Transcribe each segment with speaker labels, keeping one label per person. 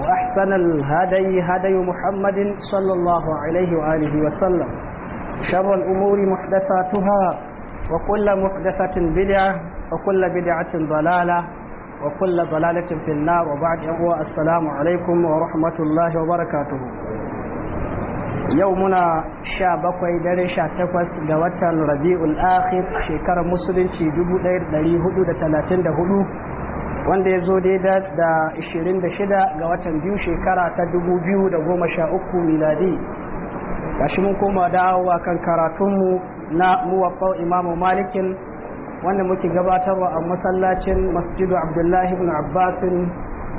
Speaker 1: وأحسن الهدي هدي محمد صلى الله عليه وآله وسلم شر الأمور محدثاتها وكل محدثة بدعة وكل بدعة ضلالة وكل ضلالة في النار وبعد أهو السلام عليكم ورحمة الله وبركاته يومنا شابكوي داري شاتفس دوتا ربيع الآخر شكر مسلم شي دبو دير داري هدو دا تلاتين دا هدو wanda ya zo daidai da 26 ga watan biyu shekara ta 2013 miladi gashi mun koma dawowa kan karatunmu na muwaffaq imamu malikin wanda muke gabatarwa a masallacin masjidu abdullahi ibn abbasin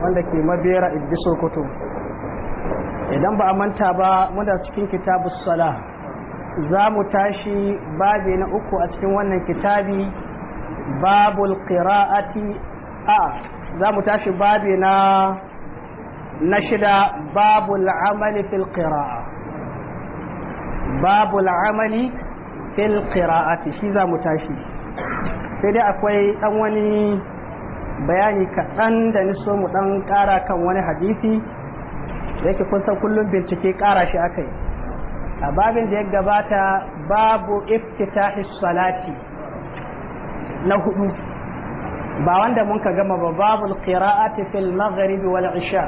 Speaker 1: wanda ke mabera ibi sokoto idan ba a manta ba muna cikin kitabu sala za mu tashi babi na uku a cikin wannan kitabi babul qira'ati a za mu tashi babi na na shida babu al'amali fil qira'a babu al'amali fil qira'ati shi za mu tashi sai dai akwai dan wani bayani kaɗan da ni so mu ɗan ƙara kan wani hadisi da yake kun san kullum bincike ƙara shi akai a babin da ya gabata babu iftitahi salati na hudu ba wanda mun ka gama ba babu qira'ati fil maghrib wal isha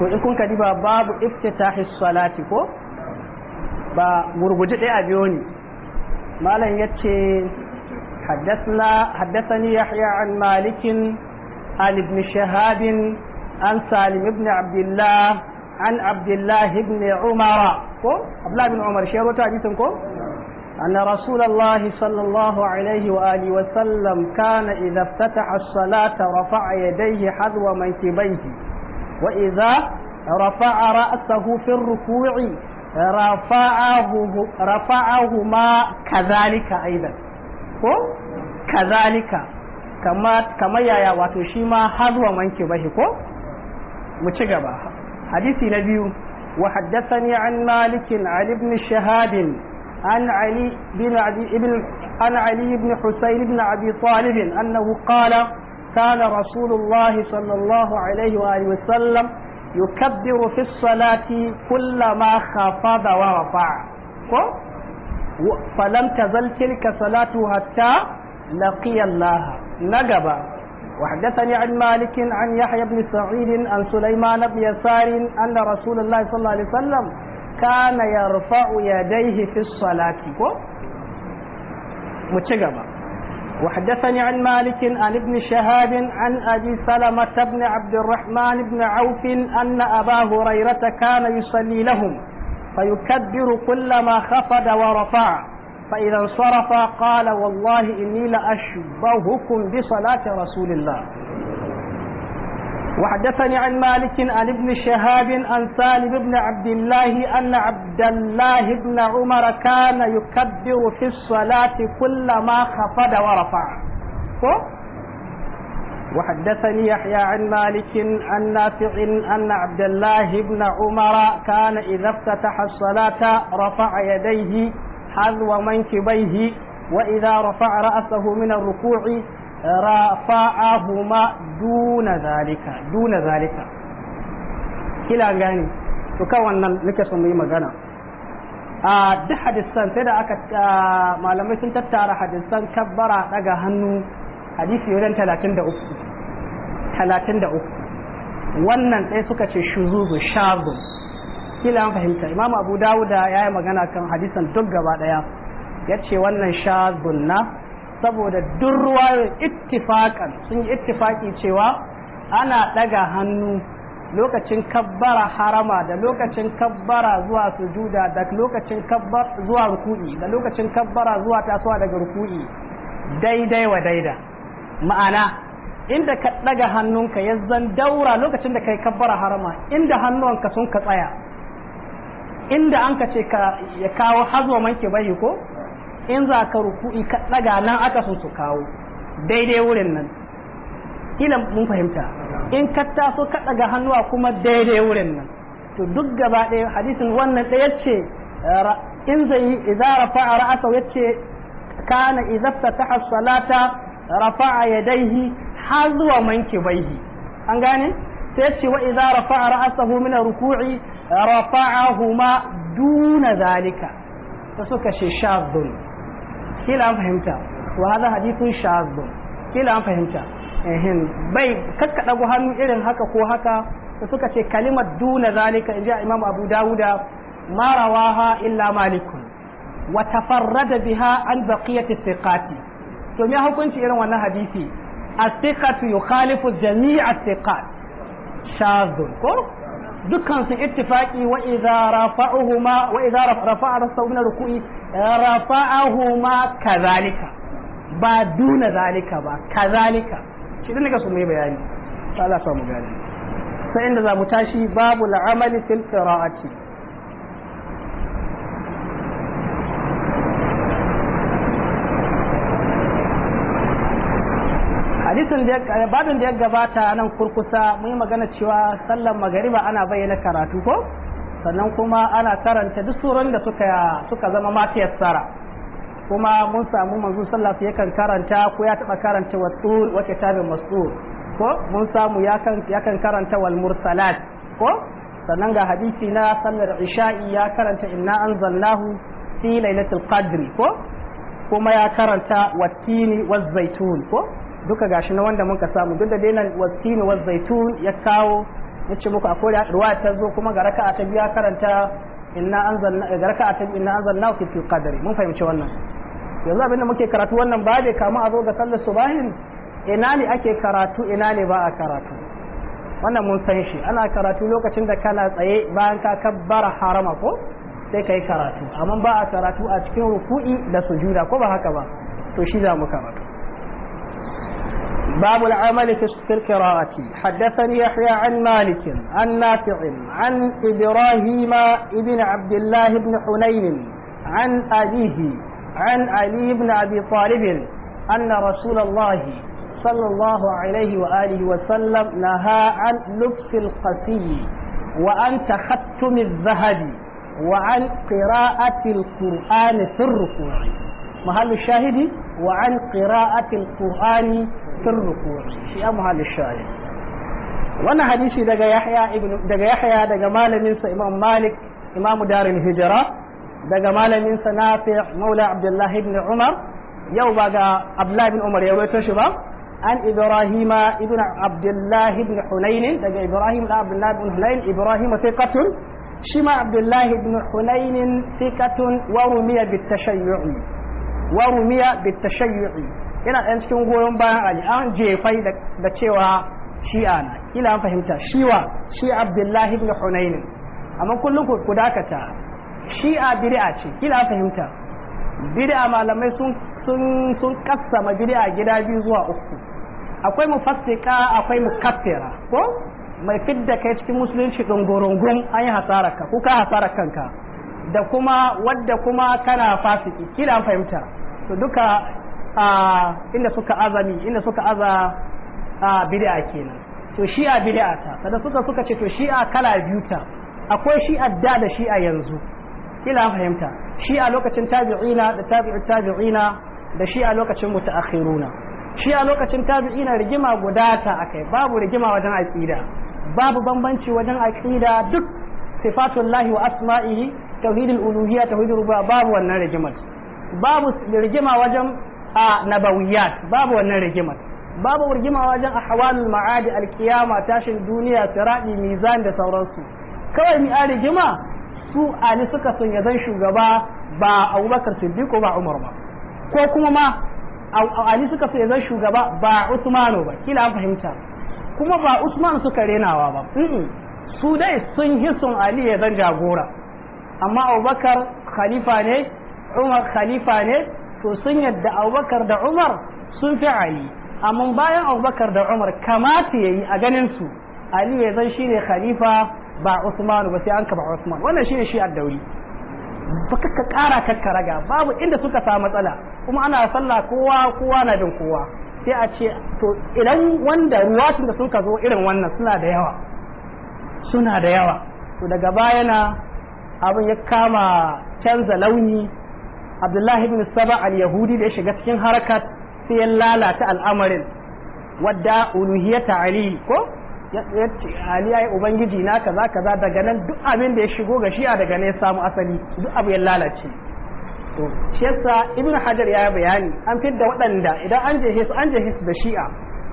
Speaker 1: to in kun ka diba babu iftitahi salati ko ba gurguje ɗaya a biyo ni malam yace haddasa ni yahya an مالك عن ابن شهاب عن سالم بن عبد الله عن عبد الله بن عمر عبد الله بن عمر شيرو أن رسول الله صلى الله عليه وآله وسلم كان إذا افتتح الصلاة رفع يديه حذو منكبيه وإذا رفع رأسه في الركوع رفعه رفعهما كذلك أيضا كذلك كما كما يا واتوشيما حذو منكبيه كو متشجبا حديث نبي وحدثني عن مالك عن ابن شهاد عن علي بن عدي بن عن علي بن حسين بن أبي طالب أنه قال كان رسول الله صلى الله عليه وآله وسلم يكبر في الصلاة كلما خفض ورفع فلم تزل تلك صلاته حتى لقي الله نقبا وحدثني عن مالك عن يحيى بن سعيد عن سليمان بن يسار أن رسول الله صلى الله عليه وسلم كان يرفع يديه في الصلاة متجمع وحدثني عن مالك عن ابن شهاب عن أبي سلمة بن عبد الرحمن بن عوف أن أبا هريرة كان يصلي لهم فيكبر كلما خفض ورفع فإذا انصرف قال والله إني لأشبهكم بصلاة رسول الله وحدثني عن مالك عن ابن شهاب عن سالم بن عبد الله أن عبد الله بن عمر كان يكبر في الصلاة كلما خفض ورفع وحدثني يحيى عن مالك عن نافع أن عبد الله بن عمر كان إذا افتتح الصلاة رفع يديه حذو منكبيه وإذا رفع رأسه من الركوع rafa'ahuma duna zalika duna zalika kila gani to kan wannan nake son mu yi magana a duk hadisan sai da aka malamai sun tattara hadisan kabbara daga hannu hadisi wajen 33 33 wannan ɗaya suka ce shuzuzu shazu kila an fahimta imam abu dawuda ya yi magana kan hadisan duk gaba daya ya ce wannan shazun na saboda duk ruwayoyin ittifakan sun yi ittifaki cewa ana ɗaga hannu lokacin kabbara harama da lokacin kabbara zuwa sujuda da lokacin kabbara zuwa ruku'i da lokacin kabbara zuwa tasowa daga ruku'i daidai wa daida ma'ana inda ka daga hannunka ya zan daura lokacin da kai kabbara harama inda hannuwanka sun ka tsaya inda an ka ce ya kawo hazo manke bai ko in za ka ruku'i ka daga nan aka so su kawo daidai wurin nan ila mun fahimta in ka taso ka daga hannuwa kuma daidai wurin nan to duk gaba ɗaya hadisin wannan ɗaya ce in zai yi idza rafa'a ra'asa yace kana idza fataha salata rafa'a yadayhi har zuwa mankibaihi an gane sai ce wa idza rafa'a ra'asahu min ruku'i rafa'ahuma duna zalika ta suka ce kila an fahimta wa hadha hadithun kila an fahimta ehin bai kakkada go hannu irin haka ko haka da suka ce kalimar duna zalika inji imam abu dawuda ma rawaha illa malikun wa tafarrada biha an baqiyati thiqati to me hukunci irin wannan hadisi as-thiqatu yukhalifu jami'a thiqat shadh ko dukkan su ittifaqi wa idza rafa'uhuma wa idza rafa'a rasul min ruku'i rafa'ahuma kazalika ba duna zalika ba kazalika shi din ga su mai bayani Allah sa mu gani sai inda za mu tashi babu al'amali fil qira'ati hadisin da babin da ya gabata nan kurkusa mun yi magana cewa sallan magariba ana bayyana karatu ko sannan kuma ana karanta duk suran da suka zama matiyar sara kuma mun samu manzo sallallahu alaihi yakan karanta ko ya taba karanta wasul wa kitabin masur ko mun samu yakan kan karanta wal mursalat ko sannan ga hadisi na sallar isha'i ya karanta inna anzalnahu fi lailatul qadri ko kuma ya karanta watini waz zaitun ko duka gashi na wanda muka samu duk da dainan wasini wa zaitun ya kawo ya ce muku akwai da ruwa ta zo kuma ga raka'a ta biya karanta inna anzalna ga raka'a ta inna anzalna fi qadari mun fahimci wannan yanzu abinda muke karatu wannan ba da kamu a zo ga sallar subahin ina ne ake karatu ina ne ba a karatu wannan mun san shi ana karatu lokacin da kana tsaye bayan ka kabbara harama ko sai kai karatu amma ba a karatu a cikin ruku'i da sujuda ko ba haka ba to shi za mu karatu باب العمل في القراءة حدثني يحيى عن مالك عن نافع عن إبراهيم بن عبد الله بن حنين عن أبيه عن علي بن أبي طالب أن رسول الله صلى الله عليه وآله وسلم نهى عن لبس القسي وعن تختم الذهب وعن قراءة القرآن في الركوع محل الشاهد وعن قراءة القرآن fi ruku shi ya muhalli shayi wannan hadisi daga yahya ibn daga yahya daga malaminsa sa imam malik imam darul hijra daga malaminsa nafi' maula abdullah ibn umar yau ba ga abdullah ibn umar ya rawaito shi ba an ibrahima ibn abdullah ibn hunayn daga ibrahim da abdullah ibn hunayn ibrahim thiqatun shi ma abdullah ibn hunayn thiqatun wa rumiya bit tashayyu wa rumiya bit tashayyu yana ɗan cikin goyon bayan ali an jefai da cewa shi'a na kila an fahimta shiwa shi abdullahi ibn hunayn amma kullum ku dakata shi'a bid'a ce kila an fahimta bid'a malamai sun sun sun kassama bid'a gida biyu zuwa uku akwai mufassika akwai mukaffira ko mai fidda kai cikin musulunci gungun an yi hasarar ka ka hasarar kanka da kuma wadda kuma kana fasiki kila an fahimta to duka inda suka azami inda suka aza bid'a kenan to shi'a bid'a ta sannan suka suka ce to shi'a kala biyu ta akwai shi'a da da shi'a yanzu kila fahimta shi'a lokacin tabi'ina da tabi'u tabi'ina da shi'a lokacin mutaakhiruna shi'a lokacin tabi'ina rigima guda ta akai babu rigima wajen aqida babu bambanci wajen aqida duk sifatullahi wa asma'ihi tauhidul uluhiyya tauhidul rububiyya babu wannan rigimar babu rigima wajen a nabawiyat babu wannan rigimar babu rigima wajen ahwalul ma'adi alkiyama tashin duniya siradi mizan da sauransu kawai mi a rigima su ali suka sun ya zan shugaba ba abubakar siddiq ba umar ba ko kuma ma ali suka sun ya zan shugaba ba usmanu ba kila an fahimta kuma ba usman suka renawa ba su dai sun yi hisun ali ya zan jagora amma abubakar khalifa ne umar khalifa ne to sun yadda abubakar da umar sun fi ali amma bayan abubakar da umar kamata ya yi a ganin su ali ya zan ne khalifa ba usmanu ba sai an ba usman wannan shi ne shi addauri ba ka kara kaka raga babu inda suka samu matsala kuma ana sallah kowa kowa na bin kowa sai a ce to idan wanda ruwatun da suka zo irin wannan suna da yawa suna da yawa to daga baya na abin ya kama canza launi abdullahi ibn saba al-yahudi da ya shiga cikin harakat sai ya lalata al'amarin wadda uluhiyata ali ko ali ya ubangiji na kaza kaza daga nan duk abin da ya shigo ga shi'a daga ne samu asali duk abu ya lalace to shi yasa ibn hajar ya bayani an fidda waɗanda idan an je su an je da shi'a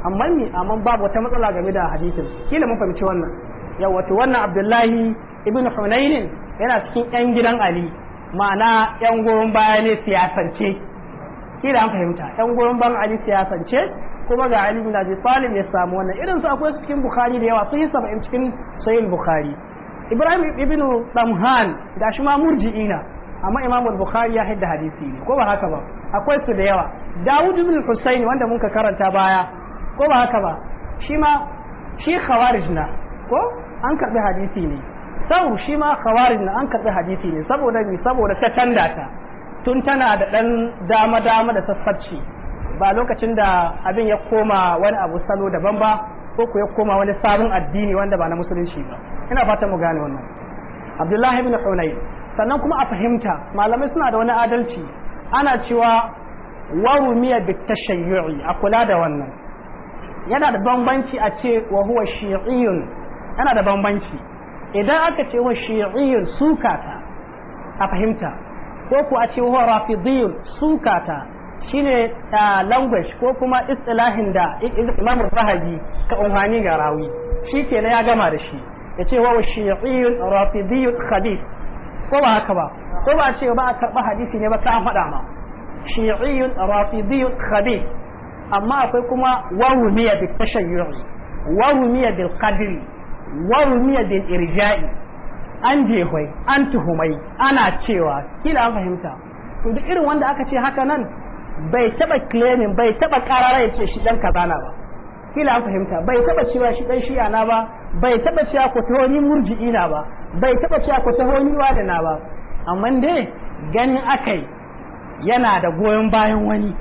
Speaker 1: amma ni amma babu wata matsala game da hadisin kila mun fahimci wannan yawa to wannan abdullahi ibn hunainin yana cikin yan gidan ali ma'ana yan goron baya ne siyasance da an fahimta yan goron bayan ali siyasance kuma ga ali bin abi talib ya samu wannan irin su akwai cikin bukhari da yawa sun yi saba'in cikin sahih bukhari ibrahim ibn damhan da shi ma Ina amma imam bukhari ya hadda hadisi ne ko ba haka ba akwai su da yawa dawud ibn husayn wanda muka karanta baya ko ba haka ba shi ma shi khawarij na ko an karbi hadisi ne sau shi ma khawarin na an karbi hadisi ne saboda ni saboda ta canda ta tun tana da ɗan dama dama da sassabci ba lokacin da abin ya koma wani abu salo daban ba ko ku ya koma wani sabon addini wanda ba na musulunci ba ina fatan mu gane wannan abdullahi ibn hunayn sannan kuma a fahimta malamai suna da wani adalci ana cewa warumiya bi tashayyu'i a kula da wannan yana da bambanci a ce wa huwa shi'iyun yana da bambanci idan aka ce wa shi'iyyun sukata a fahimta ko ku a ce wa rafidiyyun sukata shine language ko kuma istilahin da Imam Zahabi ka umhani ga rawi na ya gama da shi ya ce wa shi'iyyun rafidiyun khabith ko ba haka ba ko ba ce ba a karɓa hadisi ne ba ta faɗa ma shi'iyyun rafidiyun khabith amma akwai kuma wahumiya bil tashayyu'i wahumiya bil qadri warumiya bil irja'i an jehwai an tuhumai ana cewa kila an fahimta to duk irin wanda aka ce haka nan bai taba claimin bai taba karara ya ce shi dan kazana ba kila an fahimta bai taba cewa shi dan shi'a na ba bai taba cewa ko ta wani murji'i na ba bai taba cewa ko ta wani wada na ba amma dai ganin akai yana da goyon bayan wani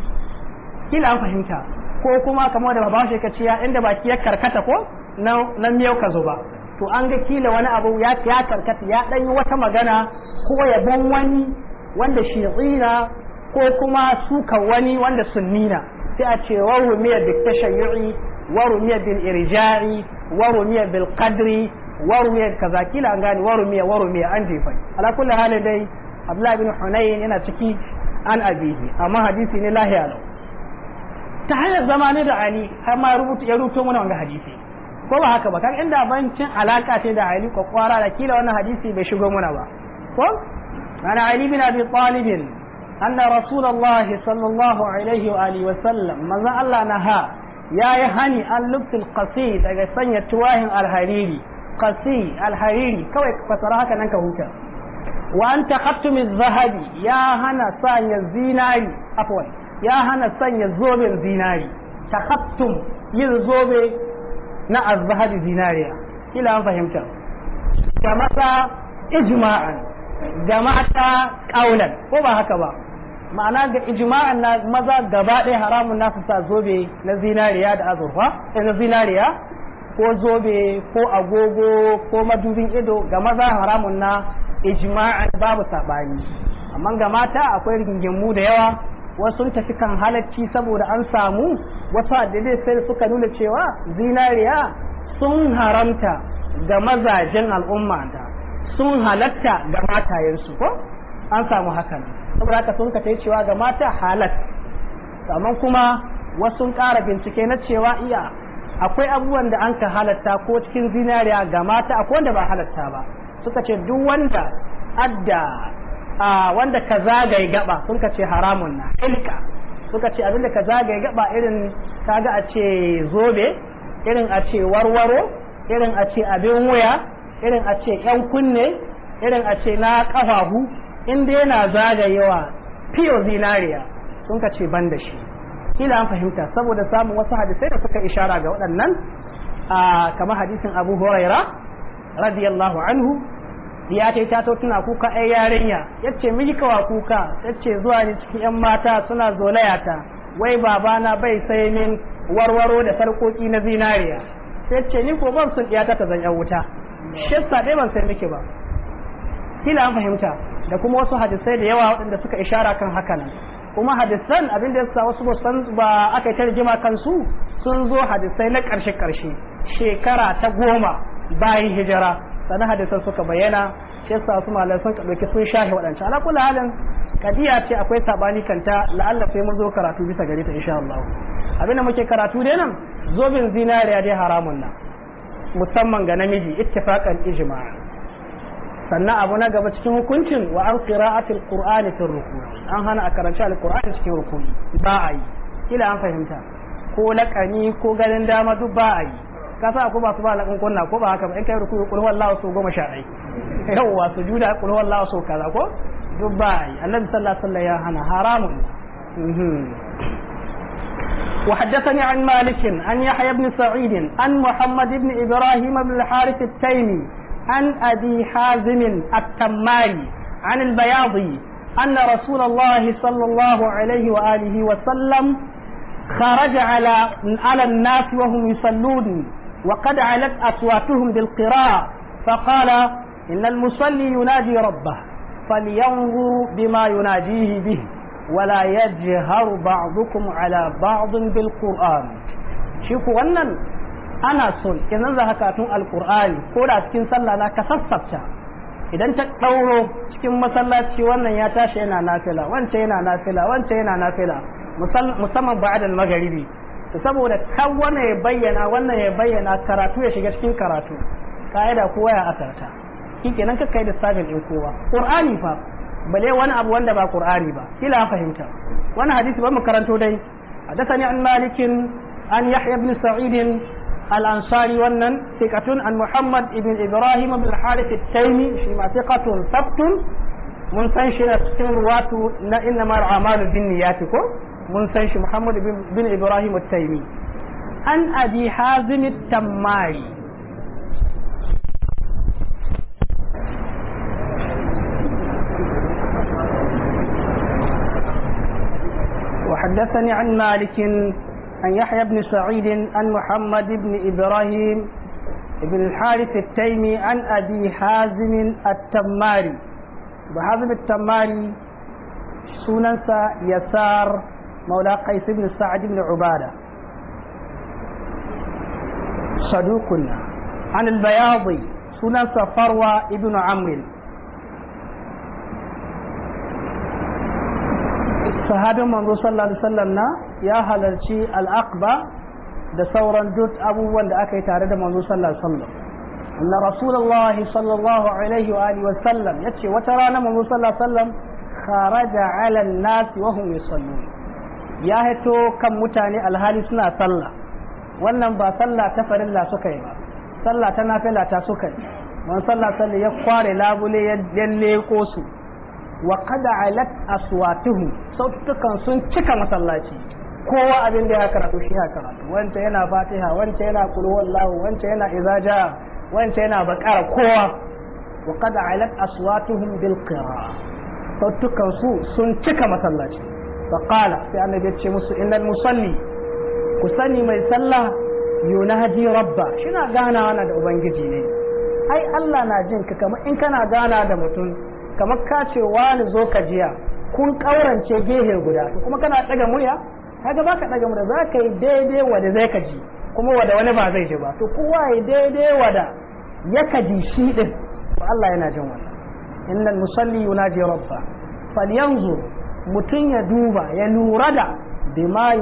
Speaker 1: kila an fahimta ko kuma kamar da babashi ka inda baki ya karkata ko na miyau ka zo ba to an ga kila wani abu ya ya karkata ya dan wata magana ko ya ban wani wanda shi'ina ko kuma suka wani wanda sunnina sai a ce wa rumiya bil tashayyu'i wa rumiya bil irja'i wa rumiya bil qadri wa rumiya kaza kila an gani wa rumiya wa rumiya an jefa ala kulli halin dai abdullahi bin Hunayn yana ciki an abihi amma hadisi ne lahiya lau ta hanyar zama ne da Ali har ma ya rubuta mana wanga hadisi ko ba haka ba kan inda bancin alaka ce da ali kwakwara da kila wannan hadisi bai shigo muna ba ko ana ali bin abi talib anna rasulullah sallallahu alaihi wa alihi wa sallam manzo Allah na ha yayi hani an lubtul qasi daga sanya tuwahin alhariri qasi alhariri kawai fasara haka nan ka huta wa anta zahabi ya hana sanya zinari afwan ya hana sanya zoben zinari takhattum yin zobe na azhabi zinariya kila an fahimta jama'ata ijma'an jama'ata qaulan ko ba haka ba ma'ana ga ijma'an na maza gaba ɗaya haramun na sa zobe na zinariya da azurfa eh, na zinariya ko zobe ko agogo ko madubin ido ga maza haramun na ijma'an babu saɓani amma ga mata akwai rigingimu da yawa wasu sun tafi kan halacci saboda an samu wasu hadidai sai suka nuna cewa zinariya sun haramta ga mazajen al'umma ta sun halatta ga matayensu ko an samu hakan saboda haka sun kace cewa ga mata halat amma kuma wasu ƙara bincike na cewa iya akwai abubuwan da an ka halatta ko cikin zinariya ga mata akwai wanda ba halatta ba suka ce duk wanda adda wanda ka zagaye gaba sun ka ce haramun na ilka suka ce abinda ka zagaye gaba irin kaga a ce zobe irin a ce warwaro irin a ce abin wuya irin a ce yan kunne irin a ce na kafahu inda yana zagayewa fiyo zinariya sun ka ce ban da shi Ila an fahimta saboda samun wasu hadisai da suka ishara ga waɗannan kamar hadisin abu huraira radiyallahu anhu ya ce ta to tana kuka ai yarinya yace miji kawa kuka yace zuwa ne cikin yan mata suna zolaya ta wai babana bai sai min warwaro da sarkoki na zinariya yace ni ko ban sun iyata ta zan yan wuta shessa dai ban sai miki ba kila an fahimta da kuma wasu hadisai da yawa waɗanda suka ishara kan haka nan kuma hadisan abinda yasa wasu ba san ba aka yi tarjima kansu sun zo hadisai na ƙarshe ƙarshe shekara ta goma bayan hijira Sani hadisan suka bayyana shi yasa su sun ka dauki sun shahi waɗancan ala kullu halin kadiya ce akwai sabani kanta la'alla sai mun zo karatu bisa gare ta insha Allah abin da muke karatu dai nan zobin zinariya dai haramun nan musamman ga namiji ittifaqan ijma'a sannan abu na gaba cikin hukuncin wa an qira'atil qur'ani fi ruku'i an hana a karanci alqur'ani cikin ruku'i ba a yi kila an fahimta ko laƙani ko ganin dama duk ba a yi ka sa ko ba su ba lakan kunna ko ba haka ba in kai ruku kul wallahu su goma sha dai yawa su juda kul wallahu su kaza ko dubai annabi sallallahu alaihi wasallam ya hana haramun mhm. وحدثني عن مالك عن يحيى بن سعيد عن محمد بن ابراهيم بن الحارث التيمي عن ابي حازم التماري عن البياضي أن رسول الله صلى الله عليه وآله وسلم خرج على على الناس وهم يصلون وقد علت أصواتهم بالقراءة فقال إن المصلي يناجي ربه فلينظروا بما يناجيه به ولا يجهر بعضكم على بعض بالقرآن شوفوا wannan ana son idan za ka tun alqur'ani ko da cikin sallah na ka sassafta idan ta dauro cikin masallaci wannan ya tashi yana nafila wancan yana nafila wancan yana nafila musamman ba'da al to saboda kan wannan ya bayyana wannan ya bayyana karatu ya shiga cikin karatu ka'ida kowa ya asarta shikenan kai da sabin din kowa qur'ani fa bale wani abu wanda ba qur'ani ba kila fahimta wani hadisi ba mu karanto dai an عن an عن يحيى بن سعيد الأنصاري ونن ثقة عن محمد بن إبراهيم بن الحارث التيمي فيما ثقة sabtun mun san shi na cikin ruwatu na inna mara amalu bin ko mun san shi Muhammad bin Ibrahim Taimi an abi hazim tammari وحدثني عن مالك عن يحيى بن سعيد عن محمد بن إبراهيم بن الحارث التيمي عن أبي حازم التماري بحازم التماري سننسى يسار مولى قيس بن سعد بن عبادة صدوقنا عن البياضي سنة فروة ابن عمرو sahabin manzo sallallahu alaihi wasallam na ya halarci al'aqba da sauran duk abubuwan da aka yi tare da manzo sallallahu alaihi wasallam Allah Rasulullah sallallahu alaihi wa alihi wasallam yace wata rana manzo sallallahu alaihi wasallam kharaja ala an-nas wa hum ya haito kan mutane alhali suna sallah wannan ba sallah ta farilla suka yi ba sallah ta nafila ta suka yi man sallah sallah ya kware labule ya leko su wa qad alat aswatuhu sautukan sun cika masallaci kowa abin da ya karatu shi ya karatu wanda yana fatiha wanda yana qul wallahu wanda yana izaja wanda yana bakara kowa wa qad alat aswatuhum bil qira sautukan su sun cika masallaci فقال في أن يجد إن المصلي كسني ما يسلى ينادي ربا شنا غانا أنا دا أبنجي ne ai Allah na jin ka kamar in kana gana da mutum kamar ka ce wani zo ka jiya kun kaurance gehe guda kuma kana daga murya kaga baka daga murya za ka yi daidai wanda zai ka ji kuma wanda wani ba zai ji ba to kowa yi daidai wada ya shi din to Allah yana jin wannan innal musalli yunaji rabba falyanzur mutum ya duba ya lura da bima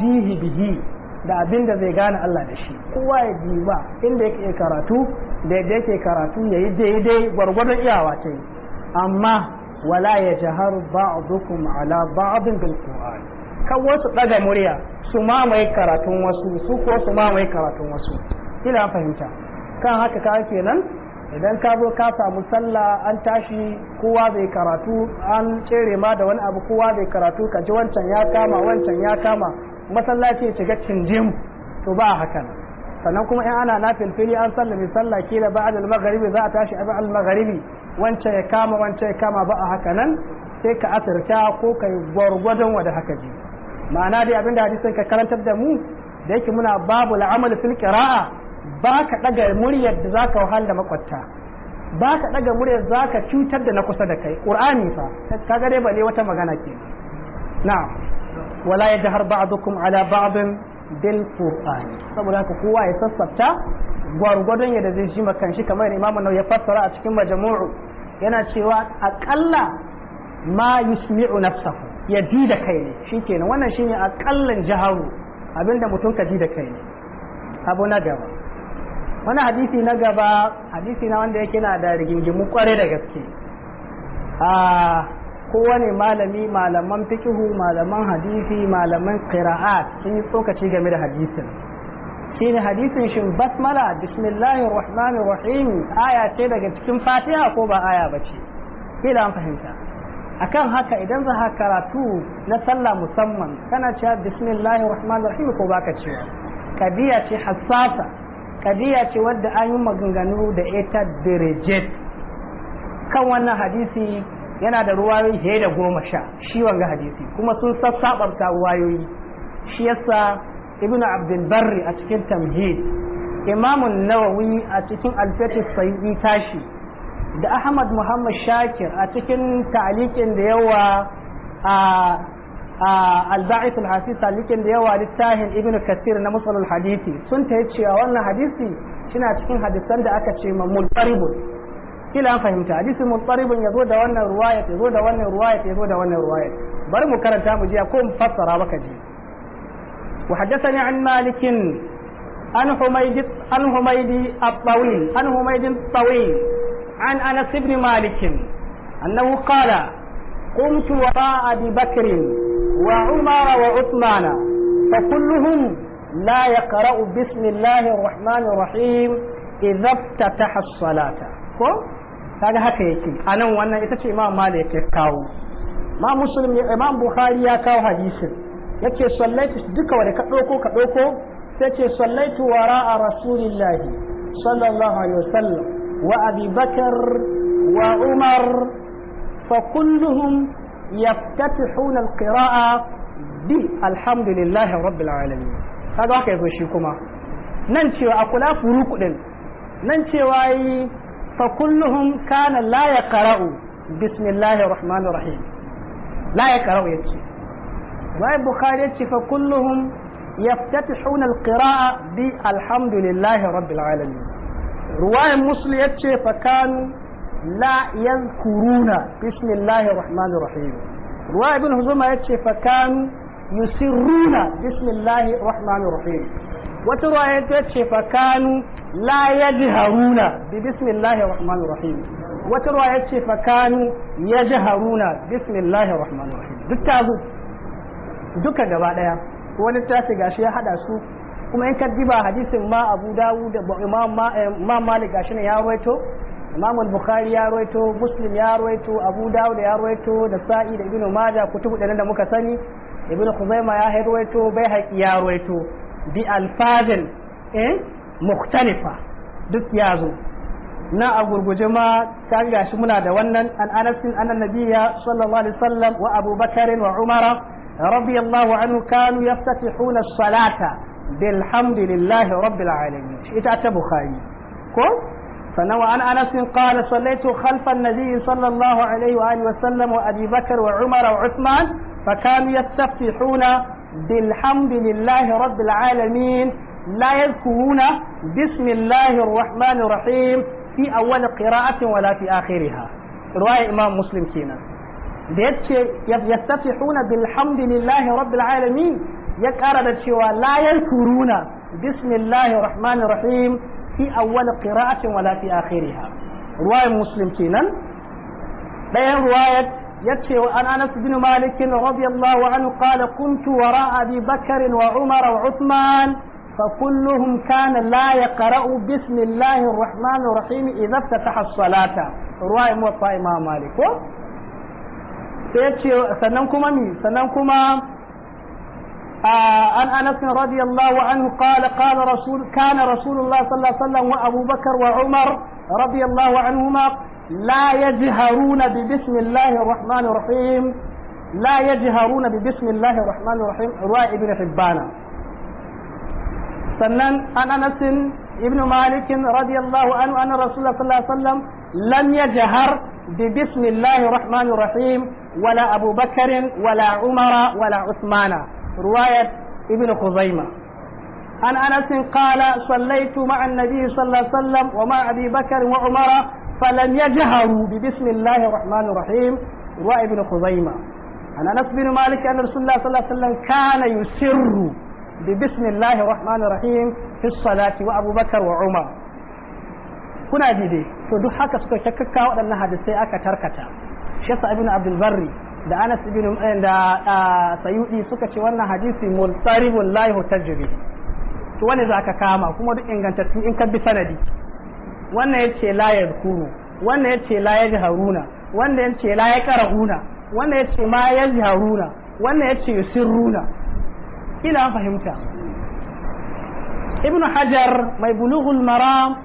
Speaker 1: jihi bihi da abin da zai gane Allah da shi kowa ya duba inda yake karatu da yadda yake karatu yayi daidai gwargwadon iyawa ce amma wala ya jahar ba'dukum ala ba'din bil qur'an kan wasu daga murya su mamaye karatun wasu su ko su mamaye karatun wasu ina fahimta kan haka ka kenan idan ka zo ka samu sallah an tashi kowa bai karatu an tsere ma da wani abu kowa bai karatu ka ji wancan ya kama wancan ya kama masallaci ya shiga cinjim to ba hakan sannan kuma in ana nafil fili an sallame sallah kila ba al-maghribi za a tashi a al-maghribi wancan ya kama wancan ya kama ba a haka nan sai ka asirta ko kai gwargwadon wa da haka ji ma'ana dai abinda hadisin ka karantar da mu da yake muna babu la'amal fil qira'a ba ka ɗaga muryar da za ka wahala da makwatta ba ka ɗaga muryar za ka cutar da na kusa da kai ƙur'ani fa ka gare ba ne wata magana ke na wala ya jahar ba'dukum ala ba'din bil qur'ani saboda haka kowa ya sassafta gwargwadon yadda zai shi makan shi kamar imam nau ya fassara a cikin majmu'u yana cewa aƙalla ma yusmi'u nafsahu ya ji da kai ne shikenan wannan shine aƙallan jaharu abinda mutum ka ji da kai ne abu na gaba wani hadisi na gaba hadisi na wanda yake na da rigingimu kware da gaske a ah, kowane malami malaman fikihu malaman hadisi malaman qira'at sun yi tsokaci game da hadisin shine hadisin shin basmala bismillahir rahmanir rahim aya ce daga cikin fatiha ko ba aya bace kila an fahimta akan haka idan za ka karatu na sallah musamman kana cewa bismillahir rahmanir rahim ko baka cewa biya ce hassasa kadiya ce wadda an yi maganganu da ita direjet kan wannan hadisi yana da ruwayoyi fiye da goma sha shi wanga hadisi kuma sun ta ruwayoyi shi yasa ibnu abdulbarri a cikin tamhid imamun nawawi a cikin alfetis sayi tashi da ahmad muhammad shakir a cikin ta'alikin da yawa a al-ba'ith al-hafiz salikin da yawa littahin ibnu kasir na musalul hadisi sun ta cewa wannan hadisi shina cikin hadisan da aka ce ma mulqaribun kila an fahimta hadisi mulqaribun yazo da wannan ruwaya yazo da wannan ruwaya yazo da wannan ruwaya bari mu karanta mu jiya ko mu fassara baka ji wa haddathani an malikin an humaydi an humaydi at-tawil an humaydi at-tawil an anas ibn malik annahu qala قمت وراء أبي بكر وعمر وعثمان فكلهم لا يقرأ بسم الله الرحمن الرحيم إذا افتتح الصلاة kaga haka yake anan wannan ita ce imam malik ya kawo ma muslim ya imam bukhari ya kawo hadisin yake sallaitu duka wanda ka doko ka doko sai wara'a rasulillahi sallallahu alaihi wa wa umar فكلهم يفتتحون القراءة بالحمد لله رب العالمين هذا واقع يقول كما ننشي وأقول فروق ننشي وأي فكلهم كان لا يقرأ بسم الله الرحمن الرحيم لا يقرأ يتشي وأي بخاري يتشي فكلهم يفتتحون القراءة بالحمد لله رب العالمين رواية مسلم يتشي فكانوا la yankuruna bismillahir rahmanir rahim ruwa ibn huzuma yace fa kanu yusirruna bismillahir rahmanir wata ruwa yace fa kanu la yajharuna bi bismillahir rahmanir rahim wata ruwa yace fa kanu yajharuna bismillahir rahmanir rahim duk tazo duka gaba daya wani tashi gashi ya hada su kuma in ka diba hadisin ma Abu Dawud da Imam eh, Malik ne ya rawaito imam al-bukhari ya rawaito muslim ya rawaito abu dawud ya rawaito da sa'i da maja majah kutubu da da muka sani ibnu khuzaima ya rawaito baihaqi ya rawaito bi alfazin eh mukhtalifa duk ya zo na a gurguje ma ta gashi muna da wannan an anasin annan nabiya sallallahu alaihi wasallam wa abubakar wa umara radiyallahu anhu kanu yaftatihuna as-salata bilhamdulillahi rabbil alamin ita ta bukhari ko sannan wa an anas qala sallaitu khalfa an-nabi sallallahu alaihi wa alihi wa sallam wa abi bakr wa umar wa uthman fa kanu yastaftihuna بالحمد لله رب لا يذكرون بسم الله الرحمن الرحيم في أول قراءة ولا في آخرها رواية إمام مسلم كينا da ya ce yastafihuna bilhamdulillahi rabbil alamin ya kara da cewa la yankuruna fi awwal qira'atin wala fi akhiriha ruwayar muslim kenan ɗayan ruwayar yace wa an anas bin malik radiyallahu anhu qala kuntu wara abi bakr wa umar wa uthman فكلهم كان لا يقرأ بسم الله الرحمن الرحيم إذا افتتح الصلاة رواية موطأ إمام مالك سنن كما مي سنن كما آه، عن انس رضي الله عنه قال قال رسول كان رسول الله صلى الله عليه وسلم وابو بكر وعمر رضي الله عنهما لا يجهرون ببسم الله الرحمن الرحيم لا يجهرون ببسم الله الرحمن الرحيم رواية ابن حبان سنن عن انس ابن مالك رضي الله عنه ان رسول الله صلى الله عليه وسلم لم يجهر ببسم الله الرحمن الرحيم ولا ابو بكر ولا عمر ولا عثمان رواية ابن خزيمة عن أنس قال صليت مع النبي صلى الله عليه وسلم ومع أبي بكر وعمر فلم يجهروا ببسم الله الرحمن الرحيم رواية ابن خزيمة عن أنس بن مالك أن رسول الله صلى الله عليه وسلم كان يسر ببسم الله الرحمن الرحيم في الصلاة وأبو بكر وعمر kuna ji dai to duk haka suka shakkaka waɗannan hadisai aka tarkata shi yasa ibn abdul barri da Anas ibn eh, da Sayudi suka ce wannan hadisi layi la yuhtajju to wani za ka kama kuma duk ingantattu in ka bi sanadi wannan yace la yadkuru wannan yace la yajharuna wannan yace la runa wannan yace ma yajharuna wannan yace yusirruna ila fahimta ibn hajar mai bulughul maram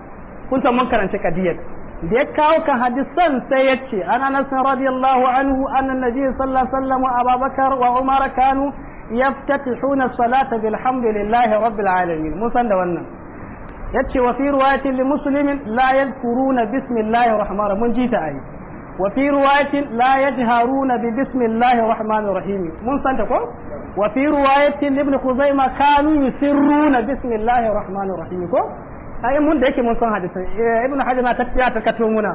Speaker 1: kun san mun karanta kadiyar da ya kawo kan hadisan sai ya ce an anas radiyallahu anhu annan nabi sallallahu alaihi wasallam ababakar wa umar kanu yaftatihuna salata bilhamdulillahi rabbil alamin mun san da wannan yace wa fi riwayatin li muslimin la yadhkuruna bismillahir rahmanir mun ji ta ai wa fi riwayatin la yajharuna bi bismillahir rahmanir mun san ta ko wa fi riwayatin ibn kanu ko ai mun da yake mun san hadisin eh, ibnu hajar na tafiya ta kato muna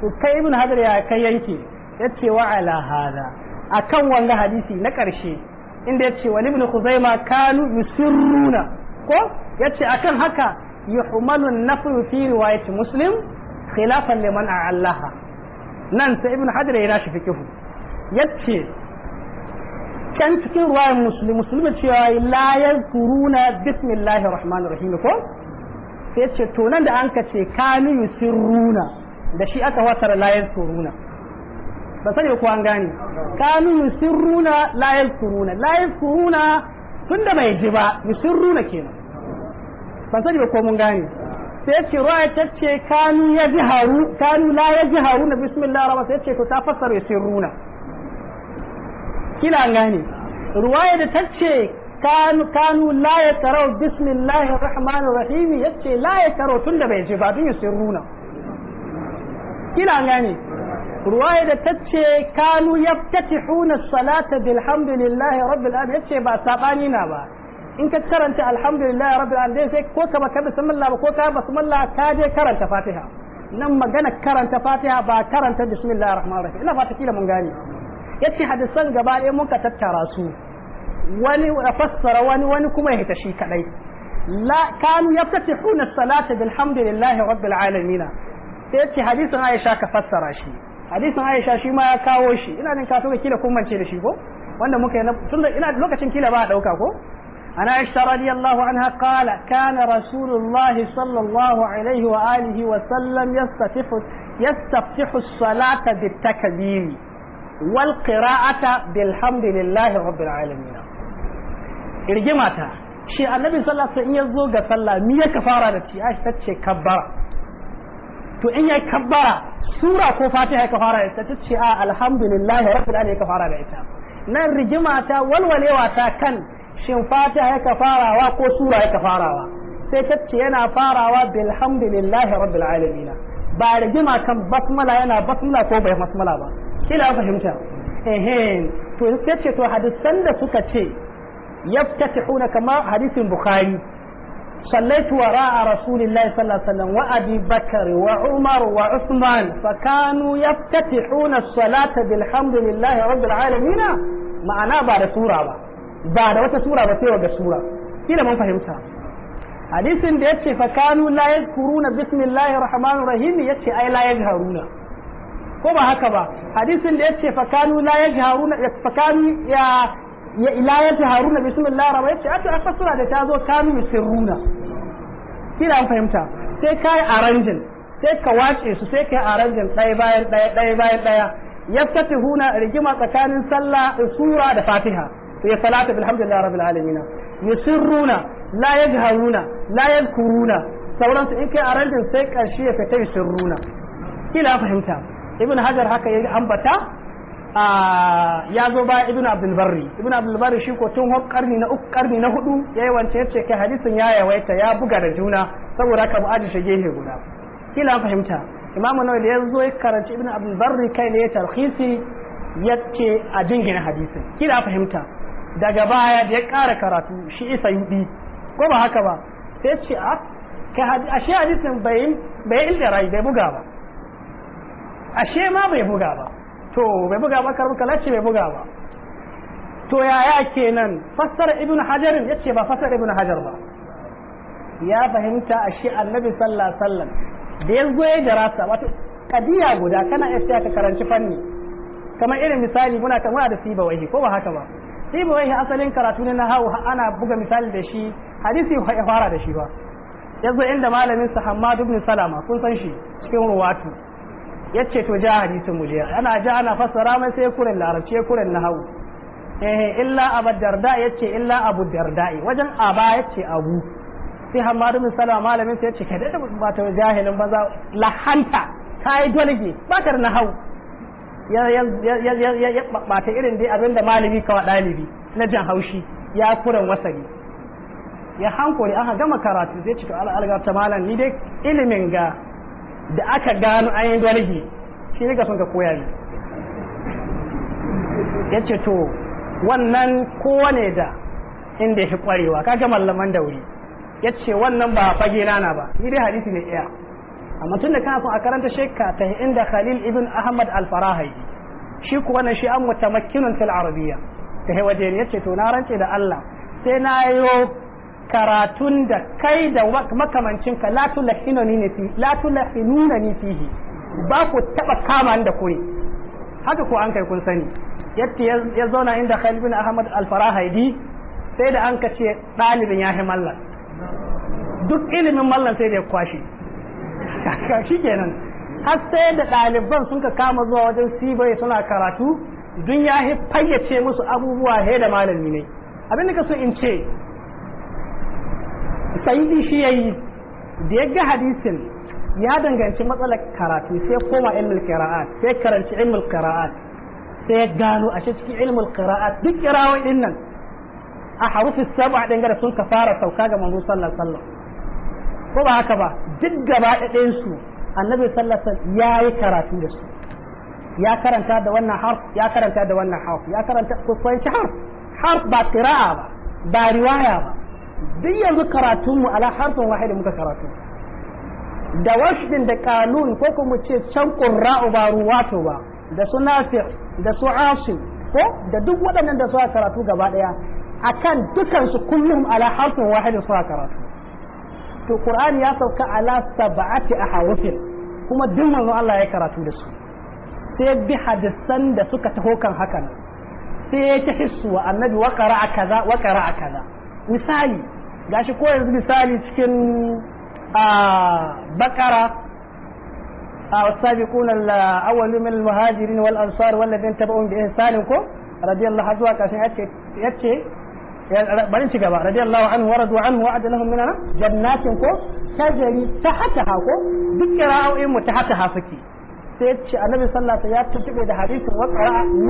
Speaker 1: to kai ibnu hajar ya kai yanke yace wa ala hada akan wanga hadisi na karshe inda yace wa ibnu khuzaima kanu yusirruna ko yace akan haka yuhmalu an-nafyu fi riwayat muslim khilafan liman a'allaha nan sai ibnu hajar ya rashi fikihu yace can cikin ruwayan musulmi musulmi cewa la yazkuruna bismillahir rahmanir rahim ko sai ce to nan da an ka ce kanu runa da shi aka watara la yasuruna ba sani ko an gane kanu yusirruna la yasuruna la yasuruna tunda bai ji ba runa kenan ba sani ko mun gane sai ce ruwa ta ce kanu ya ji haru kanu la ya ji haru na bismillah rabba sai ce to ta fassara runa kila an gane ruwaya da ta ce kanu kanu la yakarau bismillahir rahmanir rahim yace la yakarau tunda bai ce ba tun yusirruna kila gane ruwaya da tace kanu yaftatihuna as-salata bilhamdillahi rabbil alamin yace ba sabani na ba in ka karanta alhamdulillahi rabbil alamin sai ko ka baka bismillah ba ko ka bismillah ka je karanta fatiha nan magana karanta fatiha ba karanta bismillahir rahmanir rahim ina fata kila mun gane yace hadisan gaba ɗaya mun ka tattara su wani fassara wani wani kuma ya shi kadai la kanu yaftatihuna salata bilhamdulillahi rabbil alamin sai ce hadisin Aisha ka fassara shi hadisin Aisha shi ma ya kawo shi ina nan ka kila kun mance da shi ko wanda muka yi tunda ina lokacin kila ba a dauka ko an Aisha radiyallahu anha qala kana rasulullah sallallahu alaihi wa alihi wa sallam yastatihu yastaftihu as-salata bitakbir wal qira'ata bilhamdulillahi rabbil alamin rigima ta shi annabi sallallahu alaihi wasallam ya zo ga sallah mi ya kafara da ci aisha tace kabbara to in kabbara sura ko fatiha ita tace a alhamdulillah rabbil alamin da ita nan rigima ta walwalewa ta kan shin fatiha ya kafarawa ko sura ya kafarawa sai tace yana farawa bilhamdulillah rabbil alamin ba rigima kan basmala yana basmala ko bai basmala ba kila fahimta ehem to sai to hadisan da suka ce يفتتحون كما حديث البخاري صليت وراء رسول الله صلى الله عليه وسلم وأبي بكر وعمر وعثمان فكانوا يفتتحون الصلاة بالحمد لله رب العالمين معنا بعد سورة با بعد وقت سورة بسيرة سوره كلا ما فهمتها حديث بيتش فكانوا لا يذكرون بسم الله الرحمن الرحيم يتش أي لا يجهرون كما هكذا حديث بيتش فكانوا لا يجهرون فكانوا يا ya ilayata haruna bismillah rama yace a to a da ta zo kanu yusirruna kina fahimta sai yi arrangin sai ka wace su sai yi arrangin ɗaya bayan ɗaya ɗaya bayan ɗaya yaftatihuna rigima tsakanin sallah sura da fatiha to ya salatu bilhamdulillah rabbil alamin yusirruna la yajharuna la yadhkuruna sauransu in kai arrangin sai karshe ya fita sirruna kila fahimta ibn hajar haka ya ambata ya zo ba ibn abdul barri ibn abdul barri shi ko tun hok karni na uku karni na hudu yayi wance yace kai hadisin ya yawaita ya buga da juna saboda ka bu'adi shi gehe guda kila fahimta imam nawawi da yazo ya karanci ibn abdul barri kai ne ya tarhisi yace a jingina hadisin kila fahimta daga baya da ya kara karatu shi isa yudi ko ba haka ba sai ce a ah, kai ashe hadisin bai bai ilda rai bai buga ba ashe ma bai buga ba to bai buga ba karbu kalace bai buga ba to yaya kenan fassara ibn hajar ce ba fassara ibn hajar ba ya fahimta a shi annabi sallallahu da ya zo ya darasa wato kadiya guda kana iya ka karanci fanni kamar irin misali muna kan da siba wahi ko ba haka ba siba wahi asalin karatu ne na hawu ana buga misali da shi hadisi ya fara da shi ba ya zo inda malamin sa hammadu ibn Salama kun san shi cikin ruwatu yace to ja hadisin mu je ana ja ana fassara mai sai kuren larabci kuren nahawu eh illa abu darda yace illa abu darda wajen aba yace abu sai hamadu bin salama malamin sai yace kada ba ta jahilin banza lahanta kai dolge ba ta nahawu ya ya ya ya ba ta irin dai abinda malami kawa dalibi na jan haushi ya kuren wasani ya hankuri aka gama karatu zai cika al'algar ta malam ni dai ilimin ga da aka gano an yi shi ne ga son ka koya ne ya ce to wannan kowane da inda shi kwarewa kaga mallaman da wuri ya ce wannan ba fage rana ba ni dai hadisi ne iya amma tun da kafin a karanta shekka ta inda khalil ibn ahmad al shi kuwa na shi an mutamakkinun fil arabiyya ta waje ne ya ce to na rance da Allah sai na yi. karatun da kai da makamancinka la tulahinuni ne fi la tulahinuna ni fihi ba ku taba kama da kure haka ko an kai kun sani yadda ya zauna inda Khalid bin Ahmad al-Farahidi sai da an kace dalibin ya hi mallan duk ilimin mallan sai da ya kwashe shikenan har sai da ɗaliban sun ka kama zuwa wajen sibai suna karatu dun ya fayyace musu abubuwa he da malami ne abin da ka so in ce sayidi shi yayi da ya ga hadisin ya danganci matsalar karatu sai koma ilmul qira'at sai karanci ilmul qira'at sai ya gano a cikin ilmul qira'at duk kirawo din nan a harufin sab'a din da sun ka fara sauka ga manzo sallallahu alaihi wasallam ko ba haka ba duk gaba ɗayan su annabi sallallahu alaihi wasallam yayi karatu da su ya karanta da wannan harf ya karanta da wannan harf ya karanta ko kwanci harf harf ba qira'a ba ba riwaya ba duk yanzu karatunmu ala harfin wahida muka karatu da washdin da kanun ko kuma ce can qurra'u ba ruwato ba da su nafi' da su asim ko da duk waɗannan da suka karatu gaba daya akan dukansu kullum ala harfin wahida suka karatu to qur'ani ya sauka ala sab'ati ahawfin kuma duk manzon Allah ya karatu da su sai bi hadisan da suka taho kan hakan sai ya ta hissu annabi wa qara'a kaza wa qara'a kaza misali ga shi ko yanzu misali cikin a bakara a wasabi kunan la'awali min muhajirin wal ansar ta haka annabi ya tuntube da hadisin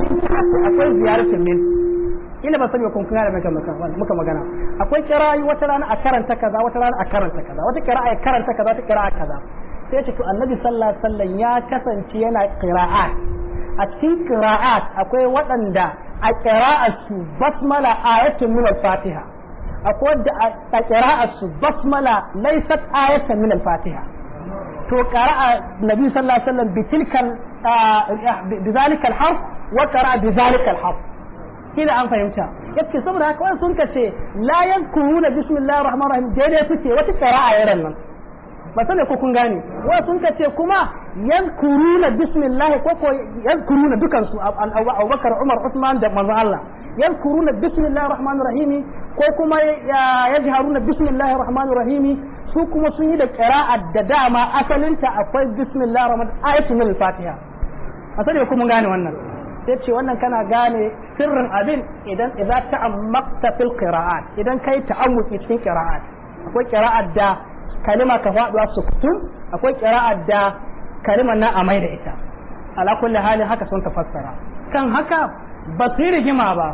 Speaker 1: akwai ziyaratin ina ba sani ba kun da muka magana akwai kirayi wata rana a karanta kaza wata rana a karanta kaza wata kira'a a karanta kaza wata a kaza sai ce to annabi sallallahu alaihi wasallam ya kasance yana qira'at a cikin qira'at akwai waɗanda a su basmala ayatun min al-fatiha akwai wadda a su basmala laysat ayatan min al-fatiha to qara'a nabi sallallahu alaihi wasallam bi tilkal bi dhalika al-harf wa qara'a bi dhalika al-harf kila an fahimta yace saboda haka wani sun kace la yazkuruna bismillahir rahmanir rahim daidai suke wata qira'a yaran nan ba sani ko kun gane wani sun kace kuma yazkuruna bismillah ko ko yazkuruna dukan su Abubakar Umar Usman da manzo Allah yazkuruna bismillahir rahmanir rahim ko kuma ya yajharuna bismillahir rahmanir rahim su kuma sun yi da qira'a da dama asalinta akwai bismillahir rahmanir ayatul fatiha a sani ko mun gane wannan sai ce wannan kana gane sirrin abin idan ta ta'ammakta fil qira'at idan kai amuki cikin qira'at akwai qira'at da kalima ka faduwa sukutun akwai qira'at da kalimar na amai da ita ala kulli hali haka sun tafassara kan haka ba su yi rigima ba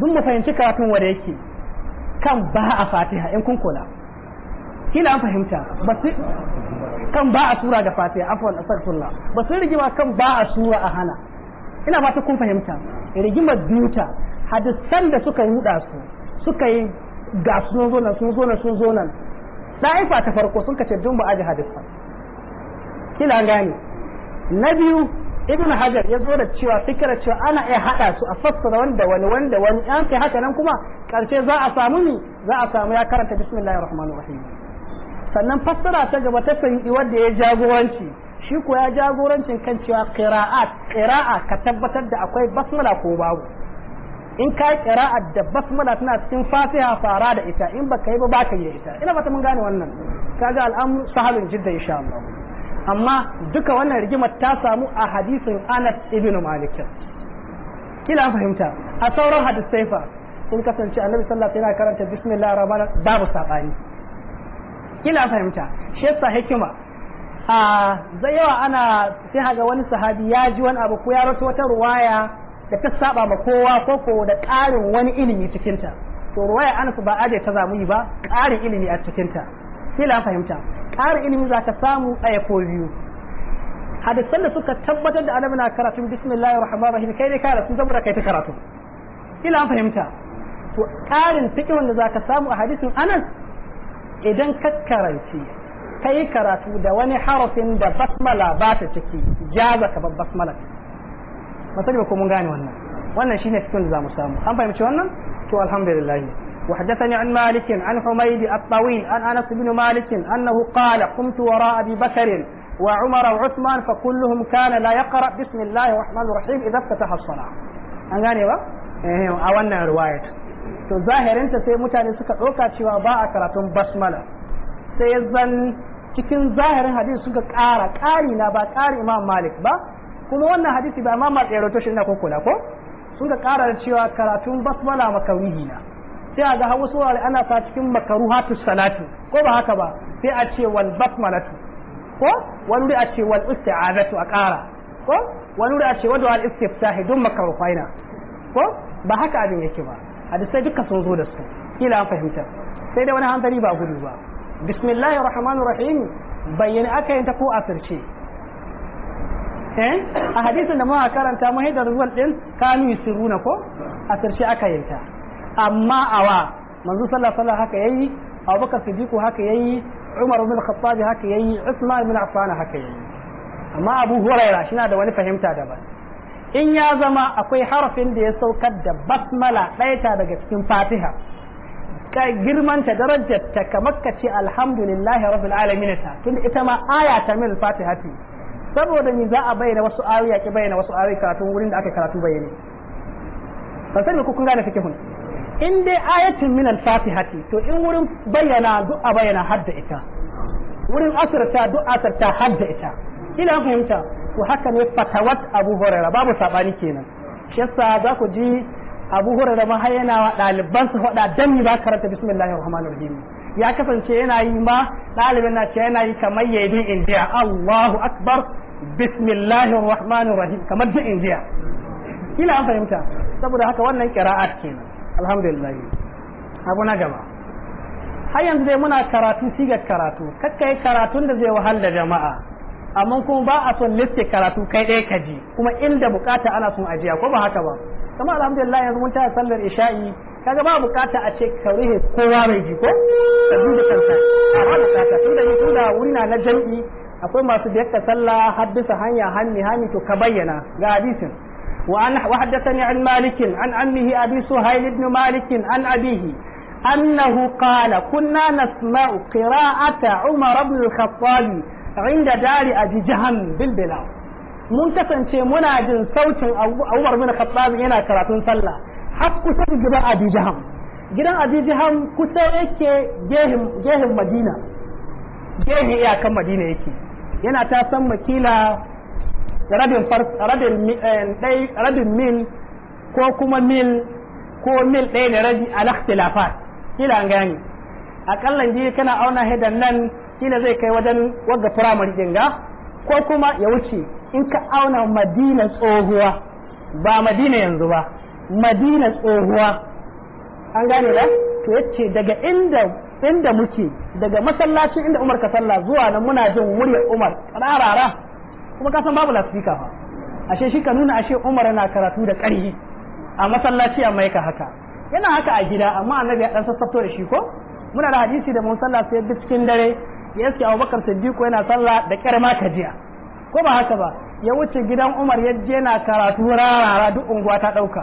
Speaker 1: duk mu fahimci karatun wanda yake kan ba a fatiha in kun kula kila an fahimta kan ba a sura da fatiha afwan astaghfirullah ba su rigima kan ba a sura a hana ina ba ta kun fahimta rigimar biyu ta hadisan da suka ruda su suka yi ga sun zo nan sun zo nan sun zo nan da'ifa ta farko sun kace dun ba aji hadisa Kila gane na biyu ibn hajar ya zo da cewa fikira cewa ana iya hada su a fassara wanda wani wanda wani an kai haka nan kuma karshe za a samu ni za a samu ya karanta bismillahir rahmanir rahim sannan fassara ta gaba ta sayi wanda ya jagoranci shi ko ya jagorancin kan cewa qira'at qira'a ka tabbatar da akwai basmala ko babu in ka yi qira'at da basmala tana cikin fasiha fara da ita in baka yi ba ba ka yi da ita ina ta mun gane wannan kaga al'amu sahalun jidda insha Allah amma duka wannan rigimar ta samu a hadisin Anas ibn Malik kila fahimta a sauran hadisai fa sun kasance annabi sallallahu alaihi wasallam yana karanta bismillahir rahmanir babu sabani kila fahimta shi yasa hikima a zai yawa ana sai haga wani sahabi ya ji wani abu ko ya rasu wata ruwaya da ta saba ma kowa ko ko da ƙarin wani ilimi cikinta to ruwaya anas ba aje ta zamu yi ba ƙarin ilimi a sai la fahimta ƙarin ilimi za ka samu ɗaya ko biyu hadisan da suka tabbatar da annabi na karatu bismillahir rahmanir rahim kai ne ka sun saboda kai ta karatu la fahimta to ƙarin fiqhun da za ka samu a hadisin anas idan ka karanci kai karatu da wani harafin da basmala ba ta ciki jaza ka babbar basmala masali ba ko mun gane wannan wannan shine cikin da zamu samu an fahimci wannan to alhamdulillah وحدثني عن مالك عن حميد الطويل عن انس بن مالك انه قال قمت وراء ابي بكر وعمر وعثمان فكلهم كان لا يقرا بسم الله الرحمن الرحيم اذا افتتح الصلاه an gane ba eh, a wannan riwayat to zahirinta sai mutane suka ɗauka cewa ba a karatun basmala sai zan cikin zahirin hadisi suka ƙara ƙari na ba ƙari imam malik ba kuma wannan hadisi ba imam malik ya rawaito shi ina kula ko sun ƙara da cewa karatun basmala makaruhi na sai a ga hawa wurare ana sa cikin makaruhatu salatu ko ba haka ba sai a ce wal basmalatu ko wani a ce wal isti'azatu a ƙara ko wani a ce wadda al istiftahi don makaruhaina ko ba haka abin yake ba hadisai duka sun zo da su kila an fahimta sai dai wani hanzari ba gudu ba bismillahir rahmanir rahim bayyana aka yin ko asirce eh a hadisin da muka karanta mu haidar ruwan din kanu yusiruna ko asirce aka yin amma awa manzo sallallahu alaihi haka yayi abubakar siddiq haka yayi umar ibn khattab haka yayi usman ibn affan haka yayi amma abu huraira shi da wani fahimta daban in ya zama akwai harafin da ya saukar da basmala ɗaya ta daga cikin fatiha ka girman ta darajar ta kamar ka ce alhamdulillahi rabbil alamin ta tunda ita ma aya ta min fatiha ce saboda ni za a bayyana wasu ayoyi ki bayyana wasu ayoyi karatu wurin da aka karatu bayyane ban sai ku kun gane hun in dai ayatin min al-fatiha to in wurin bayyana duk a bayyana hadda ita wurin asirta duk asirta hadda ita kina fahimta to haka ne fatawat Abu Hurairah babu sabani kenan shi yasa za ku ji abu hurairah ma har yana wa ɗaliban su faɗa dan ni ba karanta bismillahir rahmanir rahim ya kasance yana yi ma ɗalibin na ce yana yi kamar yayi injiya Allahu akbar bismillahir rahmanir rahim kamar da injiya kila an fahimta saboda haka wannan qira'at kenan alhamdulillah abu na gaba har yanzu dai muna karatu sigar karatu kakkai karatun da zai wahala da jama'a amma kuma ba a son liste karatu kai ɗaya ka ji kuma inda bukata ana son ajiya ko ba haka ba kuma alhamdulillah yanzu mun taya sallar isha'i kaga ba bukata a ce ka kowa mai ji ko ka duba kanka ba bukata tunda ni tunda wuri na na jami'i akwai masu da yakka sallah haddisa hanya hanni hanni to ka bayyana ga hadisin وأن وحدثني عن مالك عن عمه أبي سهيل بن مالك عن أبيه أنه قال كنا نسمع قراءة عمر بن الخطاب عند دار أبي جهم بالبلاد mun kasance muna jin sautin Umar bin Khattab yana karatun sallah har kusa da gidan Abi gidan Abi ku kusa yake gehin gehin Madina gehin iyakan Madina yake yana ta san makila eh, rabin mil ko kuma mil ko mil ɗaya da rabi a ikhtilafat kila an gani akallan ji kana auna hidan nan kila zai kai wajen wagga firamare dinga ko kuma ya wuce in ka auna madina tsohuwa ba madina yanzu ba madina tsohuwa an gane ba to yace daga inda inda muke daga masallacin inda Umar ka sallah zuwa nan muna jin muryar Umar kararara kuma ka san babu lafika fa ashe shi ka nuna ashe Umar yana karatu da ƙarfi a masallaci a maika haka yana haka a gida amma annabi ya dan sassafto da shi ko muna da hadisi da mun sallah sai cikin dare ya yake Abubakar Siddiq yana sallah da ƙarma kajiya ko ba haka ba ya wuce gidan Umar ya je na karatu rarara duk unguwa ta dauka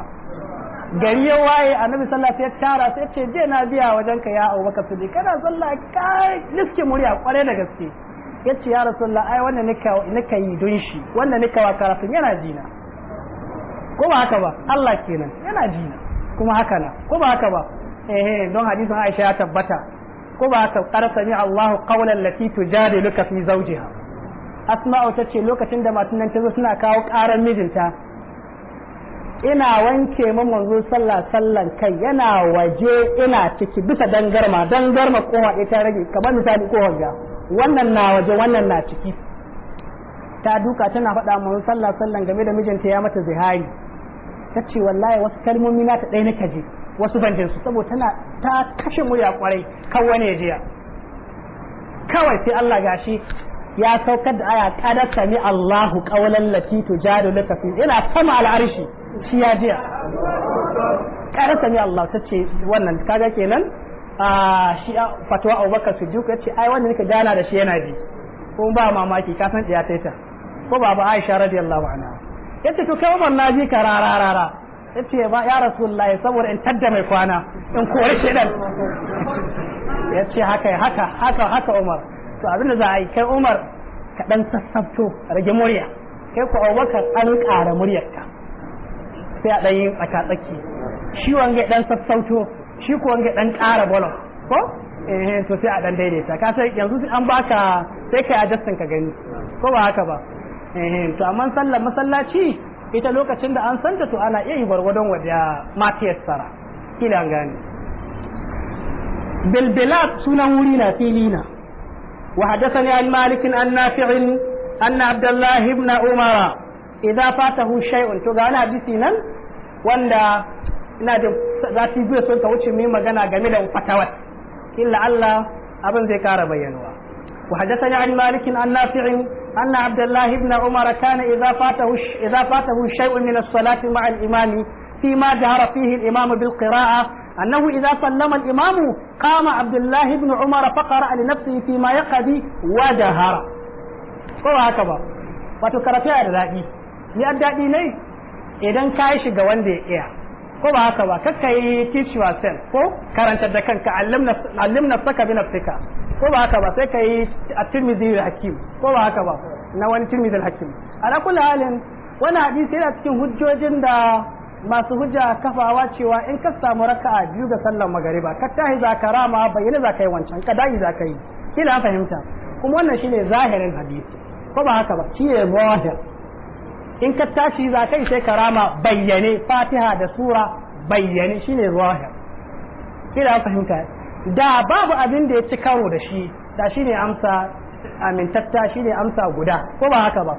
Speaker 1: gari ya waye annabi sallallahu alaihi wasallam ya tara sai ce je na biya wajen ka ya Abubakar sai kana zalla kai liske murya kware da gaske yace ya rasulullah ai wannan nika nika yi don shi wannan nika wa karatu yana jina ko ba haka ba Allah kenan yana jina kuma haka na ko ba haka ba eh don hadisin Aisha ya tabbata ko ba haka qara sami Allahu qawlan lati tujadiluka fi zawjiha asma'u ta ce lokacin da matan nan ta zo suna kawo karar mijinta ina wanke mu manzo sallah sallan kai yana waje ina ciki bisa dangarma dangarma kowa ya ta rage kamar misali ko wanga wannan na waje wannan na ciki ta duka tana faɗa manzo sallah sallan game da mijinta ya mata zihari ta ce wallahi wasu kalmomi na ta ɗaya na kaje wasu ban su saboda tana ta kashe murya kwarai kawai ne jiya kawai sai Allah gashi ya saukar da aya kada sami Allahu qawlan lati tujadiluka fi ina sama al'arshi shi ya jiya kada sami Allah ta ce wannan kaga kenan a shi fatwa Abubakar Siddiq ce ai wannan nika gana da shi yana bi ko ba mamaki ka san tsaya taita ko baba Aisha radiyallahu anha yace to kai Umar naji ka rararara yace ba ya Rasulullahi saboda in tadda mai kwana in kore shedan yace haka haka haka haka Umar to abin da za a yi kai Umar ka dan sassabto rage murya kai ku Abubakar an ƙara muryarka sai a dan yi tsaka tsaki shi wange dan sassauto shi ko wange dan ƙara bolo ko eh to sai a dan daidaita ka sai yanzu an baka sai kai adjustin ka gani ko ba haka ba eh to amma sallar masallaci ita lokacin da an santa to ana iya yi gwargwadon wadda matiyar sara kila gani bilbilat sunan wuri na filina وحدثني عن مالك عن نافع أن عبد الله بن عمر إذا فاته شيء تقال حديثي نن وندا ina da zafi biyu sun ka wuce mai magana game da fatawat illa Allah abin zai kara bayyanuwa wa hadathani an malik an nafi' anna abdullah ibn umar kana idza fatahu idza fatahu shay'un min as-salati ma'a imami ma bil أنه إذا سلم الإمام قام عبد الله بن عمر فقرأ لنفسه فيما يقضي ودهر هو هكذا وتكرتها الرأي يأدى إليه idan ka yi shiga wanda ya iya ko ba haka ba kakka yi teach yourself ko karanta da kanka allim nafsaka bi nafsika ko ba haka ba sai ka yi at-tirmidhi hakim ko ba haka ba na wani tirmidhi al-hakim ala kulli halin wani hadisi yana cikin hujjojin da masu hujja kafawa cewa in ka samu raka'a biyu ga sallar magariba ka tahi za ka rama bayyana za ka yi wancan ka dai za ka yi na fahimta kuma wannan shine zahirin hadisi ko ba haka ba shi ne zahir in ka tashi za ka yi sai ka rama bayyane fatiha da sura bayyane shine zahir na fahimta da babu abin da ya ci karo da shi da shine amsa amintatta shine amsa guda ko ba haka ba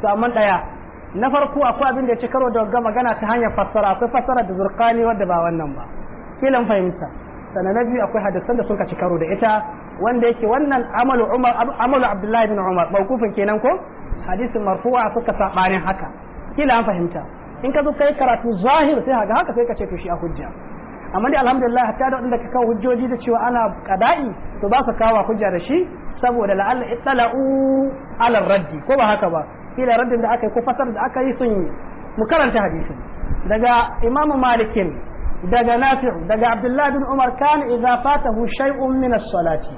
Speaker 1: to amma daya na farko akwai abin da ya ci karo da ga magana ta hanyar fassara akwai fassara da zurkani wadda ba wannan ba filan fahimta sannan na biyu akwai hadisan da sun ci karo da ita wanda yake wannan amalu abdullahi bin umar mawkufin kenan ko hadisin marfu'a suka sabanin haka kila fahimta in ka zo kai karatu zahir sai haka haka sai ka ce to shi a hujja amma dai alhamdulillah hatta da wanda ka kawo hujjoji da cewa ana kada'i to ba su kawo hujja da shi saboda la'alla ittala'u ala raddi ko ba haka ba kila raddin da aka yi ko fasar da aka yi sun yi mu karanta hadisin daga imamu malikin daga nafi'u daga abdullahi bin umar kana idza fatahu shay'un min as-salati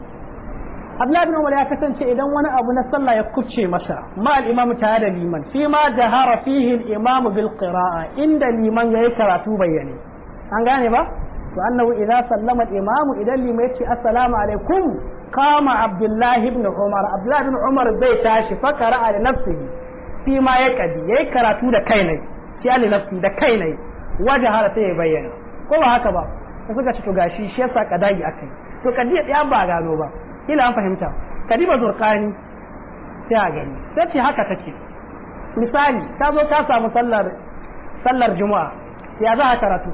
Speaker 1: abdullahi bin umar ya kasance idan wani abu na sallah ya kuce masa ma al-imamu tare da liman fi ma jahara fihi al-imam bil qira'a inda liman yayi karatu bayyane an gane ba to annahu idza sallama al-imamu idan liman yace assalamu alaikum kama abdullahi ibn umar abdullahi ibn umar bai tashi fakara ala nafsihi nafsi ma ya kadi yayi karatu da kai ne shi ali nafsi da kai ne waje hala sai ya bayyana ko ba haka ba sai suka ci to gashi shi yasa a kai to kadi ya ba gano ba kila an fahimta ba zurqani sai a gani sai ce haka take misali ta zo ta samu sallar sallar juma'a ya za a karatu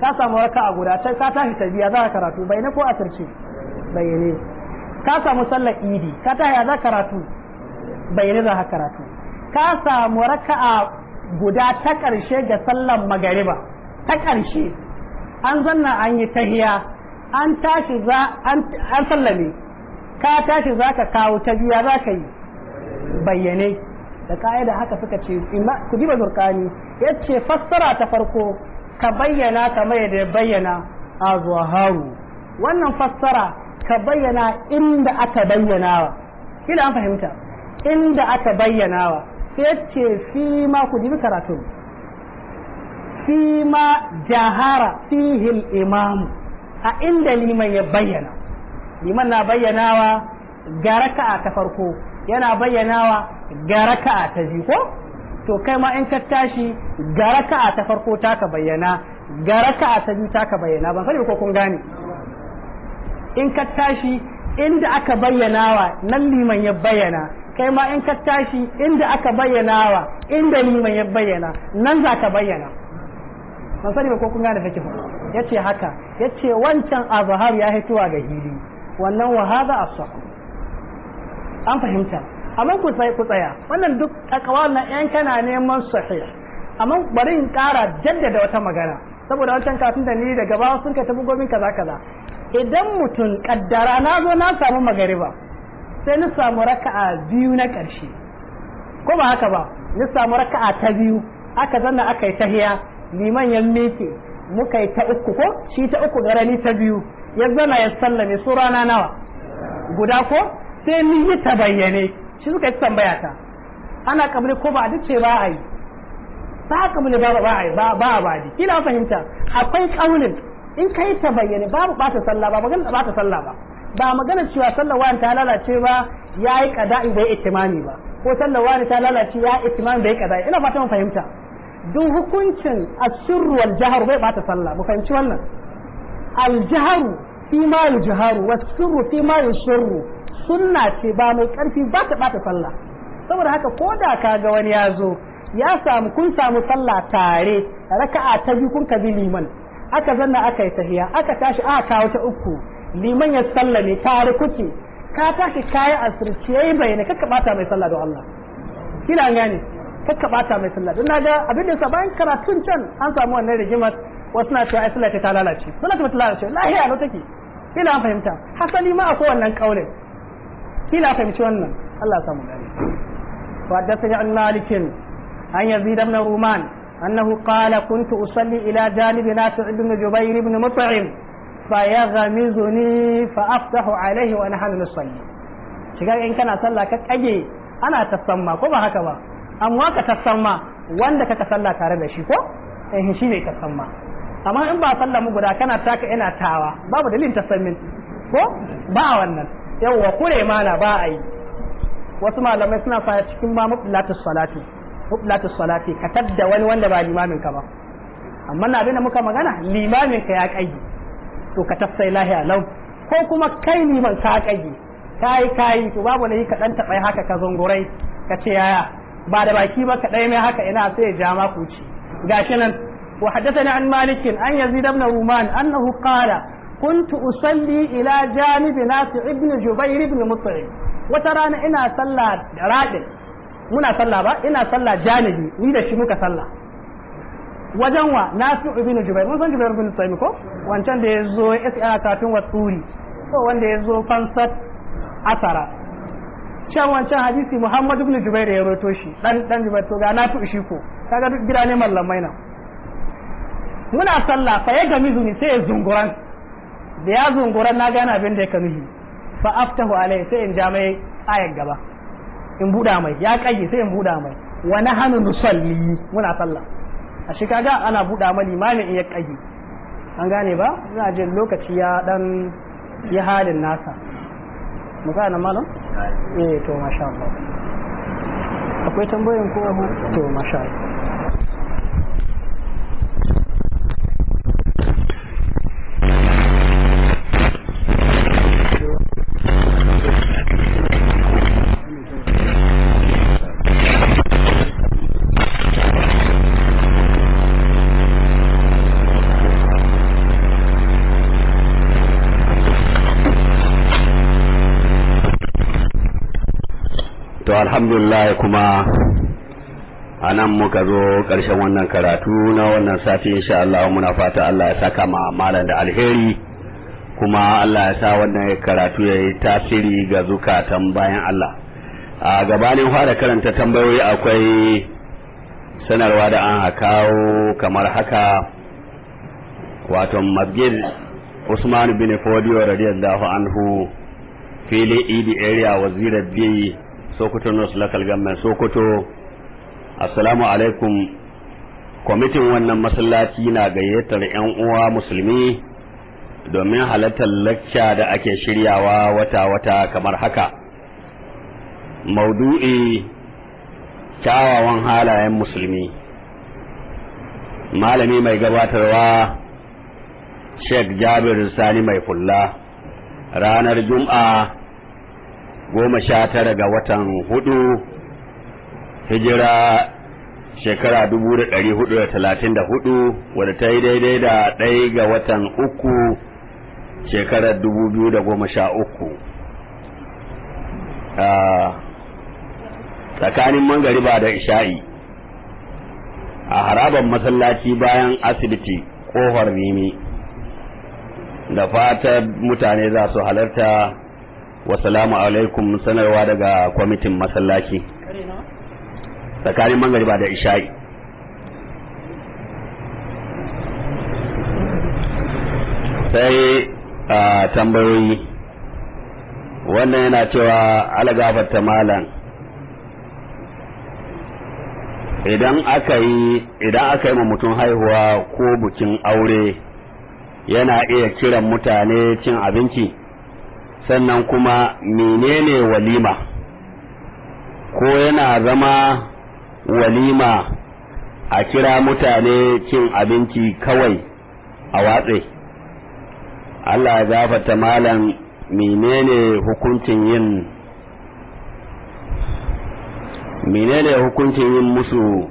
Speaker 1: ta samu a guda ta tashi ta biya za a karatu bai ne ko asirce ne ka samu sallar idi ka ta ya za karatu bai ne za ka karatu ka samu raka'a guda ta ƙarshe ga sallan magariba ta ƙarshe an zanna an yi tahiya an tashi za an sallame ka tashi za ka kawo ta biya za ka yi bayyane da ka'ida haka suka ce ku ji bazurkani ya ce fassara ta farko ka bayyana kamar yadda ya bayyana a zuwaharu wannan fassara ka bayyana inda aka bayyanawa kila an fahimta inda aka bayyanawa sai ce fi ma ku ji karatun fi ma jahara fihil imam a inda liman ya bayyana liman na bayyanawa ga raka'a ta farko yana bayyanawa ga raka'a ta biyu ko to kai ma in ka tashi ga raka'a ta farko taka bayyana ga raka'a ta biyu taka bayyana ban sani ko kun gane in ka tashi inda aka bayyanawa nan liman ya bayyana kai ma in ka tashi inda aka bayyana wa inda mai ya bayyana nan za ka bayyana ban sani ba ko kun gane Ya yace haka yace wancan azhar ya haituwa ga hili wannan wa hada asaqu an fahimta amma ku sai ku tsaya wannan duk akawal na yan kana neman sahih amma bari in kara jaddada wata magana saboda wancan kafin da ni daga ba sun ka tafi gomin kaza kaza idan mutum kaddara na zo na samu magariba sai na samu raka'a biyu na ƙarshe ko ba haka ba na samu raka'a ta biyu aka zanna aka yi tahiya liman ya meke muka yi ta uku ko shi ta uku ni ta biyu ya zana ya sallame su rana nawa guda ko sai ni yi ta bayyane shi suka yi tambaya ta ana kamar ko ba a dace ba a yi ba a kabili ba ba a yi ba a badi kina fahimta akwai kaunin in ka yi ta bayyane babu ba ta sallah ba ba ta sallah ba ba magana cewa sallar wani ta lalace ba ya yi kada'i bai itimami ba ko sallar wani ta lalace ya yi itimami bai kada'i ina fata fahimta duk hukuncin asirru wal jaharu bai bata sallah mu fahimci wannan al fi ma yujharu wa sirru fi ma yusirru sunna ce ba mai karfi ba ta bata sallah saboda haka ko da ka ga wani ya zo ya samu kun samu sallah tare raka'a ta biyu kun ka bi liman aka zanna aka yi tahiya aka tashi aka kawo ta uku liman ya sallame tare kuke ka tashi kayi asirci yayi bayyana kakka bata mai sallah don Allah kina gane kakka bata mai sallah don naga abin da bayan karatun can an samu wannan rigimar wasu na cewa ai sallah ta lalace sallah ta lalace lahiya lo take kila an fahimta hasali ma akwai wannan kaulin kila fahimci wannan Allah ya samu gane wa haddathani an malikin an yazid ibn ruman annahu qala kuntu usalli ila janibi la ibn jubair ibn mut'im fayaghmizuni fa aftahu alaihi wa nahnu nusalli shiga in kana sallah ka kage ana tasamma ko ba haka ba amma ka tasamma wanda kaka sallah tare da shi ko eh shi ne tasamma amma in ba sallah mu guda kana taka ina tawa babu dalilin tasammin ko ba wannan yawwa kure mana ba a yi wasu malamai suna fara cikin ba mublatus salati mublatus salati ka tadda wani wanda ba limamin ka ba amma na abin da muka magana limamin ka ya kai to ka tafsai lahiya lau ko kuma kai man ka kage kai kai to babu ne ka dan tabai haka ka zungurai ka ce yaya ba da baki ba ka dai mai haka ina sai ya ja ma kuci gashi nan wa haddathani an malik an yazid ibn ruman annahu qala كنت أصلي إلى جانب ناس ابن جبير بن مطعم وترانا إنا صلى راجل muna sallah ba ina sallah janibi ni da shi muka sallah wajen wa na fi ibn jubair mun san jubair bin sami ko wancan da ya zo ya A kafin wa turi ko wanda ya zo fansat asara can wancan hadisi muhammad ibn jubair ya roto shi dan dan jubair to ga na fi shi ko kaga duk birane mallamai na muna sallah fa ya gami zuni sai ya zunguran da ya zunguran na gane abin da ya kanuhi fa aftahu alai sai in ja mai ayar gaba in buda mai ya kage sai in buda mai wa nahanu nusalli muna sallah a shi kaga ana buɗa ma limamin iya ya ƙage an gane ba ina jin lokaci ya dan yi halin nasa mu gane malam eh to masha Allah akwai tambayoyin ko to masha Allah
Speaker 2: alhamdulillah kuma a nan muka zo karshen wannan karatu na wannan sati insha Allah muna fata Allah ya saka ma malam da alheri kuma Allah ya sa wannan karatu ya yi tasiri ga zukatan bayan Allah a gabanin fara karanta tambayoyi akwai sanarwa da an kawo kamar haka wato masjid Usman bin Fodiyo radiyallahu anhu fili idi area wazirar biyu sokoto north local government sokoto assalamu alaikum kwamitin wannan masallaci na gayyatar 'yan uwa musulmi domin halartar lacca da ake shiryawa wata-wata kamar haka maudu'i kyawawan halayen musulmi malami mai gabatarwa sheikh jabir sani mai fulla ranar juma'a goma sha tara ga watan hudu hijira shekara dubu da ɗari hudu da talatin da hudu wadda ta yi daidai da ɗaya ga watan uku shekarar dubu biyu da goma sha uku ah, tsakanin mangariba da isha'i a harabar masallaci bayan asibiti ƙofar nemi da fatan mutane za su halarta wasalamu alaikum sanarwa daga kwamitin masallaci tsakanin mangariba da isha'i sai a tambayoyi wannan yana cewa ta malam idan aka yi idan aka yi mutum haihuwa ko bukin aure yana iya kiran mutane cin abinci sannan kuma menene walima ko yana zama walima a kira mutane cin abinci kawai a watse Allah ya gafata malam menene hukuncin yin menene hukuncin yin musu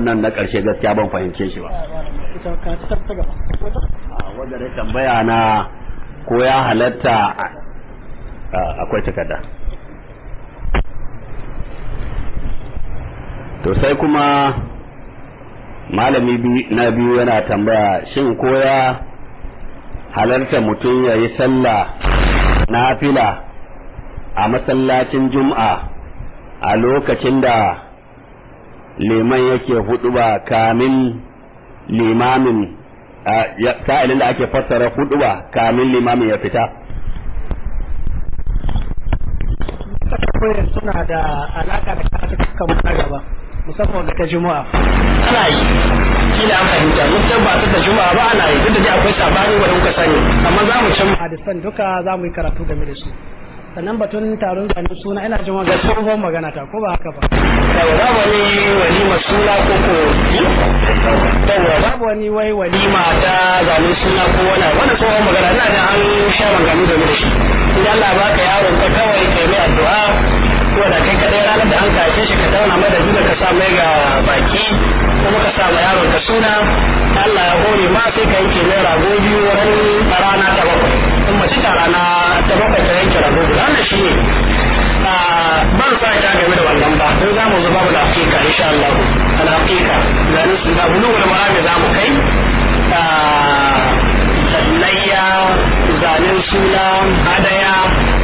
Speaker 2: wannan na ƙarshe gaskiya ban fahimce shi ba wanda dai tambaya na ko ya halatta akwai takarda to sai kuma malami na biyu yana tambaya shin ko ya halarta mutum ya yi sallah na fila a masallacin juma'a a lokacin da liman yake huduba kamin limamin sa'ilin da ake fassara huduba kamin limamin ya fita
Speaker 1: suna da alaka da kuka na gaba musamman da ta juma'a
Speaker 3: ana yi shi da an fahimta mutum ba ta juma'a ba ana yi duk da akwai sabani wanda kuka sani amma za mu can
Speaker 1: hadisan duka za mu yi karatu game da su sannan batun taron zanen suna ina jin waga tsohon magana ta ko ba haka ba babu wani walima suna
Speaker 4: ko ko babu wani wai walima ta zanen suna ko wani wani tsohon magana ina da an sha maganganu game da shi idan Allah baka yaron ka kawai kai mai addu'a ko da kai ɗaya ranar da an kashe shi ka tauna mai da duka ka sa mai ga baki kuma ka sa mai yaron ka suna Allah ya hore ma sai ka yanke mai rago biyu wani rana ta bakwai in mace ta rana ta bakwai ta yanke rago biyu wannan shi ne ah, ba sa ta game da wannan ba don za mu zo mu da hakika insha Allah al hakika da nan sun da bulu da mara da za mu kai
Speaker 3: ah,
Speaker 4: layya zanen suna hadaya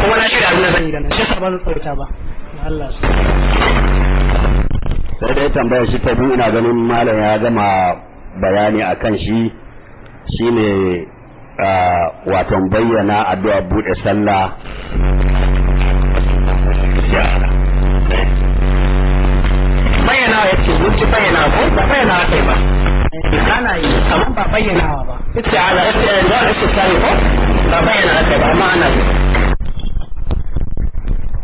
Speaker 4: kuma na shirya abin da zan yi da nan shi sa ba zan tsawaita ba Allah su
Speaker 2: sai dai tambaya shi ta biyu ina ganin malam ya gama bayani a kan shi shine waton bayyana addu'a buɗe sallah
Speaker 3: bayyana ya ce zuci bayyana ko ba bayyana kai ba ana yi amma ba bayyanawa ba ita ala ita ala
Speaker 4: ita ko ba bayyana kai ba amma ana yi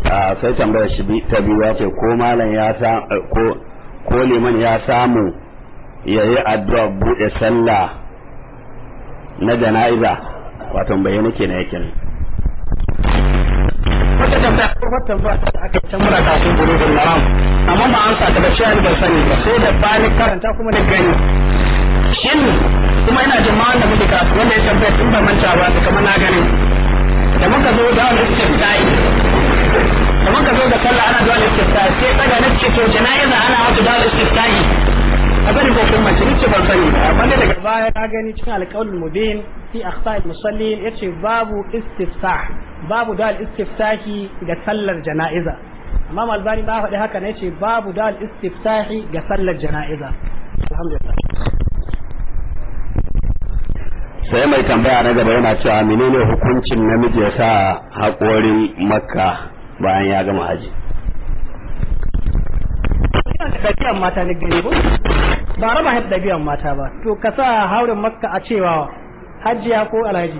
Speaker 2: sai tambayar shi ta biyu ya ce ko malam ya sa ko ko liman ya samu yayi addu'a bude sallah na jana'iza wato yana kenan yake ne wata tambaya ko wata
Speaker 3: tambaya da
Speaker 4: aka can mura ta sun buru da amma ba an sa da shi sani
Speaker 2: ba sai da bani
Speaker 4: karanta kuma da gani shin kuma ina jin da muke kasuwa wanda ya tambaya tun ba manta ba kamar na gani da muka zo da wanda suke tayi kamar ka zo da sallah ana du'a istiftahi sai daga na ce to jana'iza ana wata du'a istiftahi
Speaker 3: a bari ko kuma ce ni ce ban sani ba. ne daga
Speaker 1: baya ka gani cikin alqaulul mubin fi akhta al-musallin yace babu istiftah babu du'a istiftahi ga sallar jana'iza amma malbani ba faɗi haka ne ce babu du'a istiftahi ga sallar jana'iza alhamdulillah sai mai tambaya
Speaker 2: na gaba yana cewa menene hukuncin namiji ya sa haƙorin makka bayan ya gama haji
Speaker 1: ɗabi'an mata ba raba mata ba to ka sa haurin a cewa hajjiya ko alhaji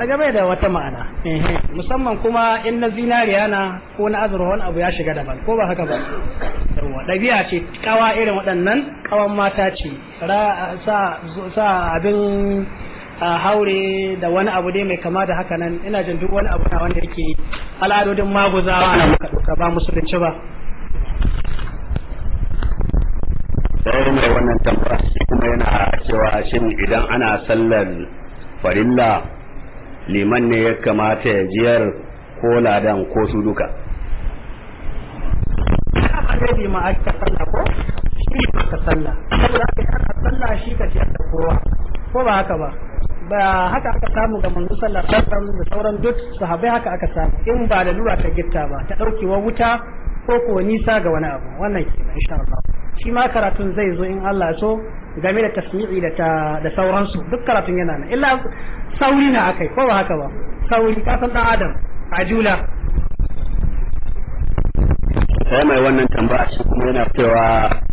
Speaker 1: daga bai da wata ma'ana musamman kuma in na zinariya na ko na azurfa wani abu ya shiga daban ko ba haka ba ɗabi'a ce kawa irin waɗannan kawan mata ce sa abin haure da wani abu dai mai kama da haka nan ina jin duk wani abu na wanda yake al'adodin maguzawa na muka ba musulunci ba
Speaker 2: sai mai wannan shi kuma yana cewa shin idan ana sallar farilla liman ne ya kamata ya jiyar ko ladan ko su
Speaker 1: duka ma ake sallah ko shi ka sallah aka sallah shi ka da kowa ko ba haka ba ba haka aka samu ga manzo sallallahu alaihi wasallam da sauran duk sahabbai haka aka samu in ba da lura ta gitta ba ta daukewa wuta ko ko nisa ga wani abu wannan ke kenan insha Allah shi ma karatun zai zo in Allah so game da tasmi'i da da sauransu duk karatun yana nan illa sauri na akai ko ba haka ba sauri ka san dan adam ajula
Speaker 2: sai mai wannan tambaya shi kuma yana cewa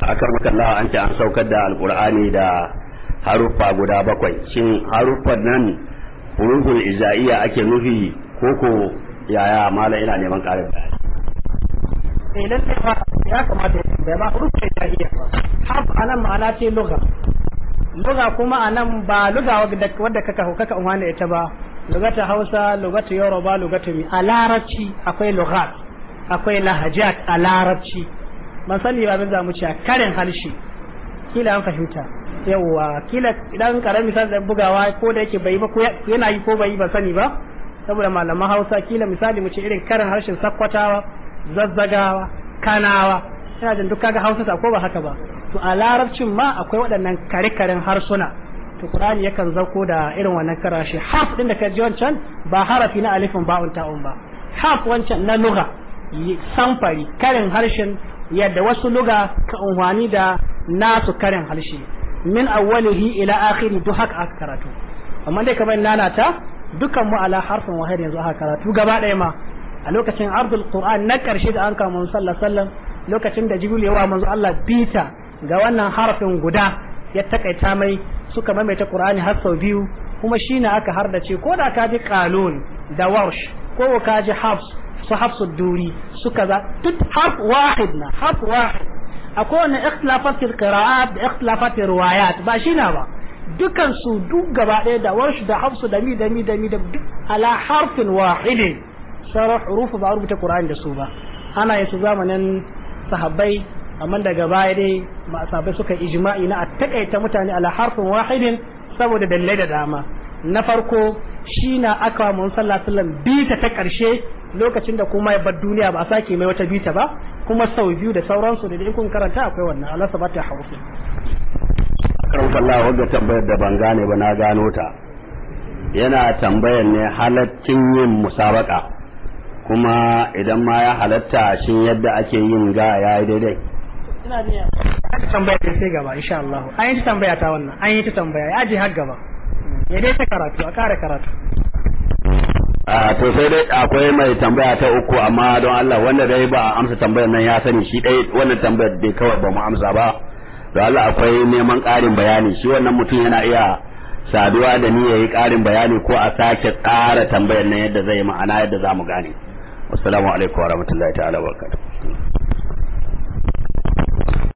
Speaker 2: akan Allah an ce an saukar da alqur'ani da haruffa guda bakwai shin haruffan nan hurufun izaiya ake nufi koko yaya mala ina neman karin
Speaker 3: bayani
Speaker 1: sai eh, lalle ba ya kamata ya ba huruful izaiya ba haf anan ma'ana ce luga luga kuma anan ba luga wadda kaka kaka umana ita ba lugata Hausa lugata Yoruba lugata mi a larabci akwai luga akwai lahajat a larabci ban sani ba abin za mu ci a karin harshe kila an fahimta yawwa kila dan karami misali da bugawa ko da yake bai ba ko yana yi ko bai ba sani ba saboda malaman Hausa kila misali mu ce irin karin harshen sakkwatawa zazzagawa kanawa ina jin duk kaga Hausa ko ba haka ba to a larabcin ma akwai waɗannan kare-karen harsuna to Qur'ani yakan zauko da irin wannan karashi haf din da ka ji wancan ba harafi na alifin ba'un ta'un ba haf wancan na lugha samfari karin harshen yadda wasu luga ka unwani da nasu karin harshe min awwalihi ila akhiri duk haka aka karatu amma dai kamar nanata dukan mu ala harfin wahid yanzu aka karatu gaba ɗaya ma a lokacin ardul qur'an na karshe da an kama manzo sallallahu alaihi wasallam lokacin da jibril ya wa manzo Allah bita ga wannan harfin guda ya takaita mai suka maimaita qur'ani har sau biyu kuma shine aka hardace ko da ka ji qalun da warsh ko ka ji hafs su hafsu duri suka za duk harf wahid na harf wahid akwai wannan ikhtilafatil qira'at da ikhtilafatil riwayat ba shi na ba dukan su duk gaba ɗaya da warsh da hafsu da mi da mi da mi da duk ala harfin wahidin sauran hurufu ba rubuta qur'ani da su ba ana yin su zamanin sahabbai amma daga baya dai sahabbai suka ijma'i na a takaita mutane ala harfin wahidin saboda dalilai da dama na farko shi na aka wa mun sallallahu alaihi wasallam ta karshe lokacin da kuma ya bar duniya ba a sake mai wata bita ba kuma sau biyu da sauransu da in kun karanta akwai wannan Allah sabata hausu
Speaker 2: Allah wadda tambayar da ban gane ba na gano ta yana tambayar ne halattun yin musabaka kuma idan ma ya halatta shin yadda ake yin ga ya yi daidai
Speaker 3: ina biya
Speaker 1: aka tambaya ta sai gaba insha Allah an yi ta tambaya ta wannan an yi ta tambaya ya aje har gaba ya dai ta karatu a kare karatu
Speaker 2: a ah, to sai dai akwai mai tambaya ta uku amma don Allah wanda dai ba amsa tambayar nan ya sani shi dai wannan tambayar dai kawai ba mu amsa ba don Allah akwai neman ƙarin bayani shi wannan mutum yana iya saduwa da ni yayi ƙarin bayani ko a sake ƙara tambayar nan yadda zai ma'ana yadda za mu gane assalamu alaikum warahmatullahi ta'ala wabarakatuh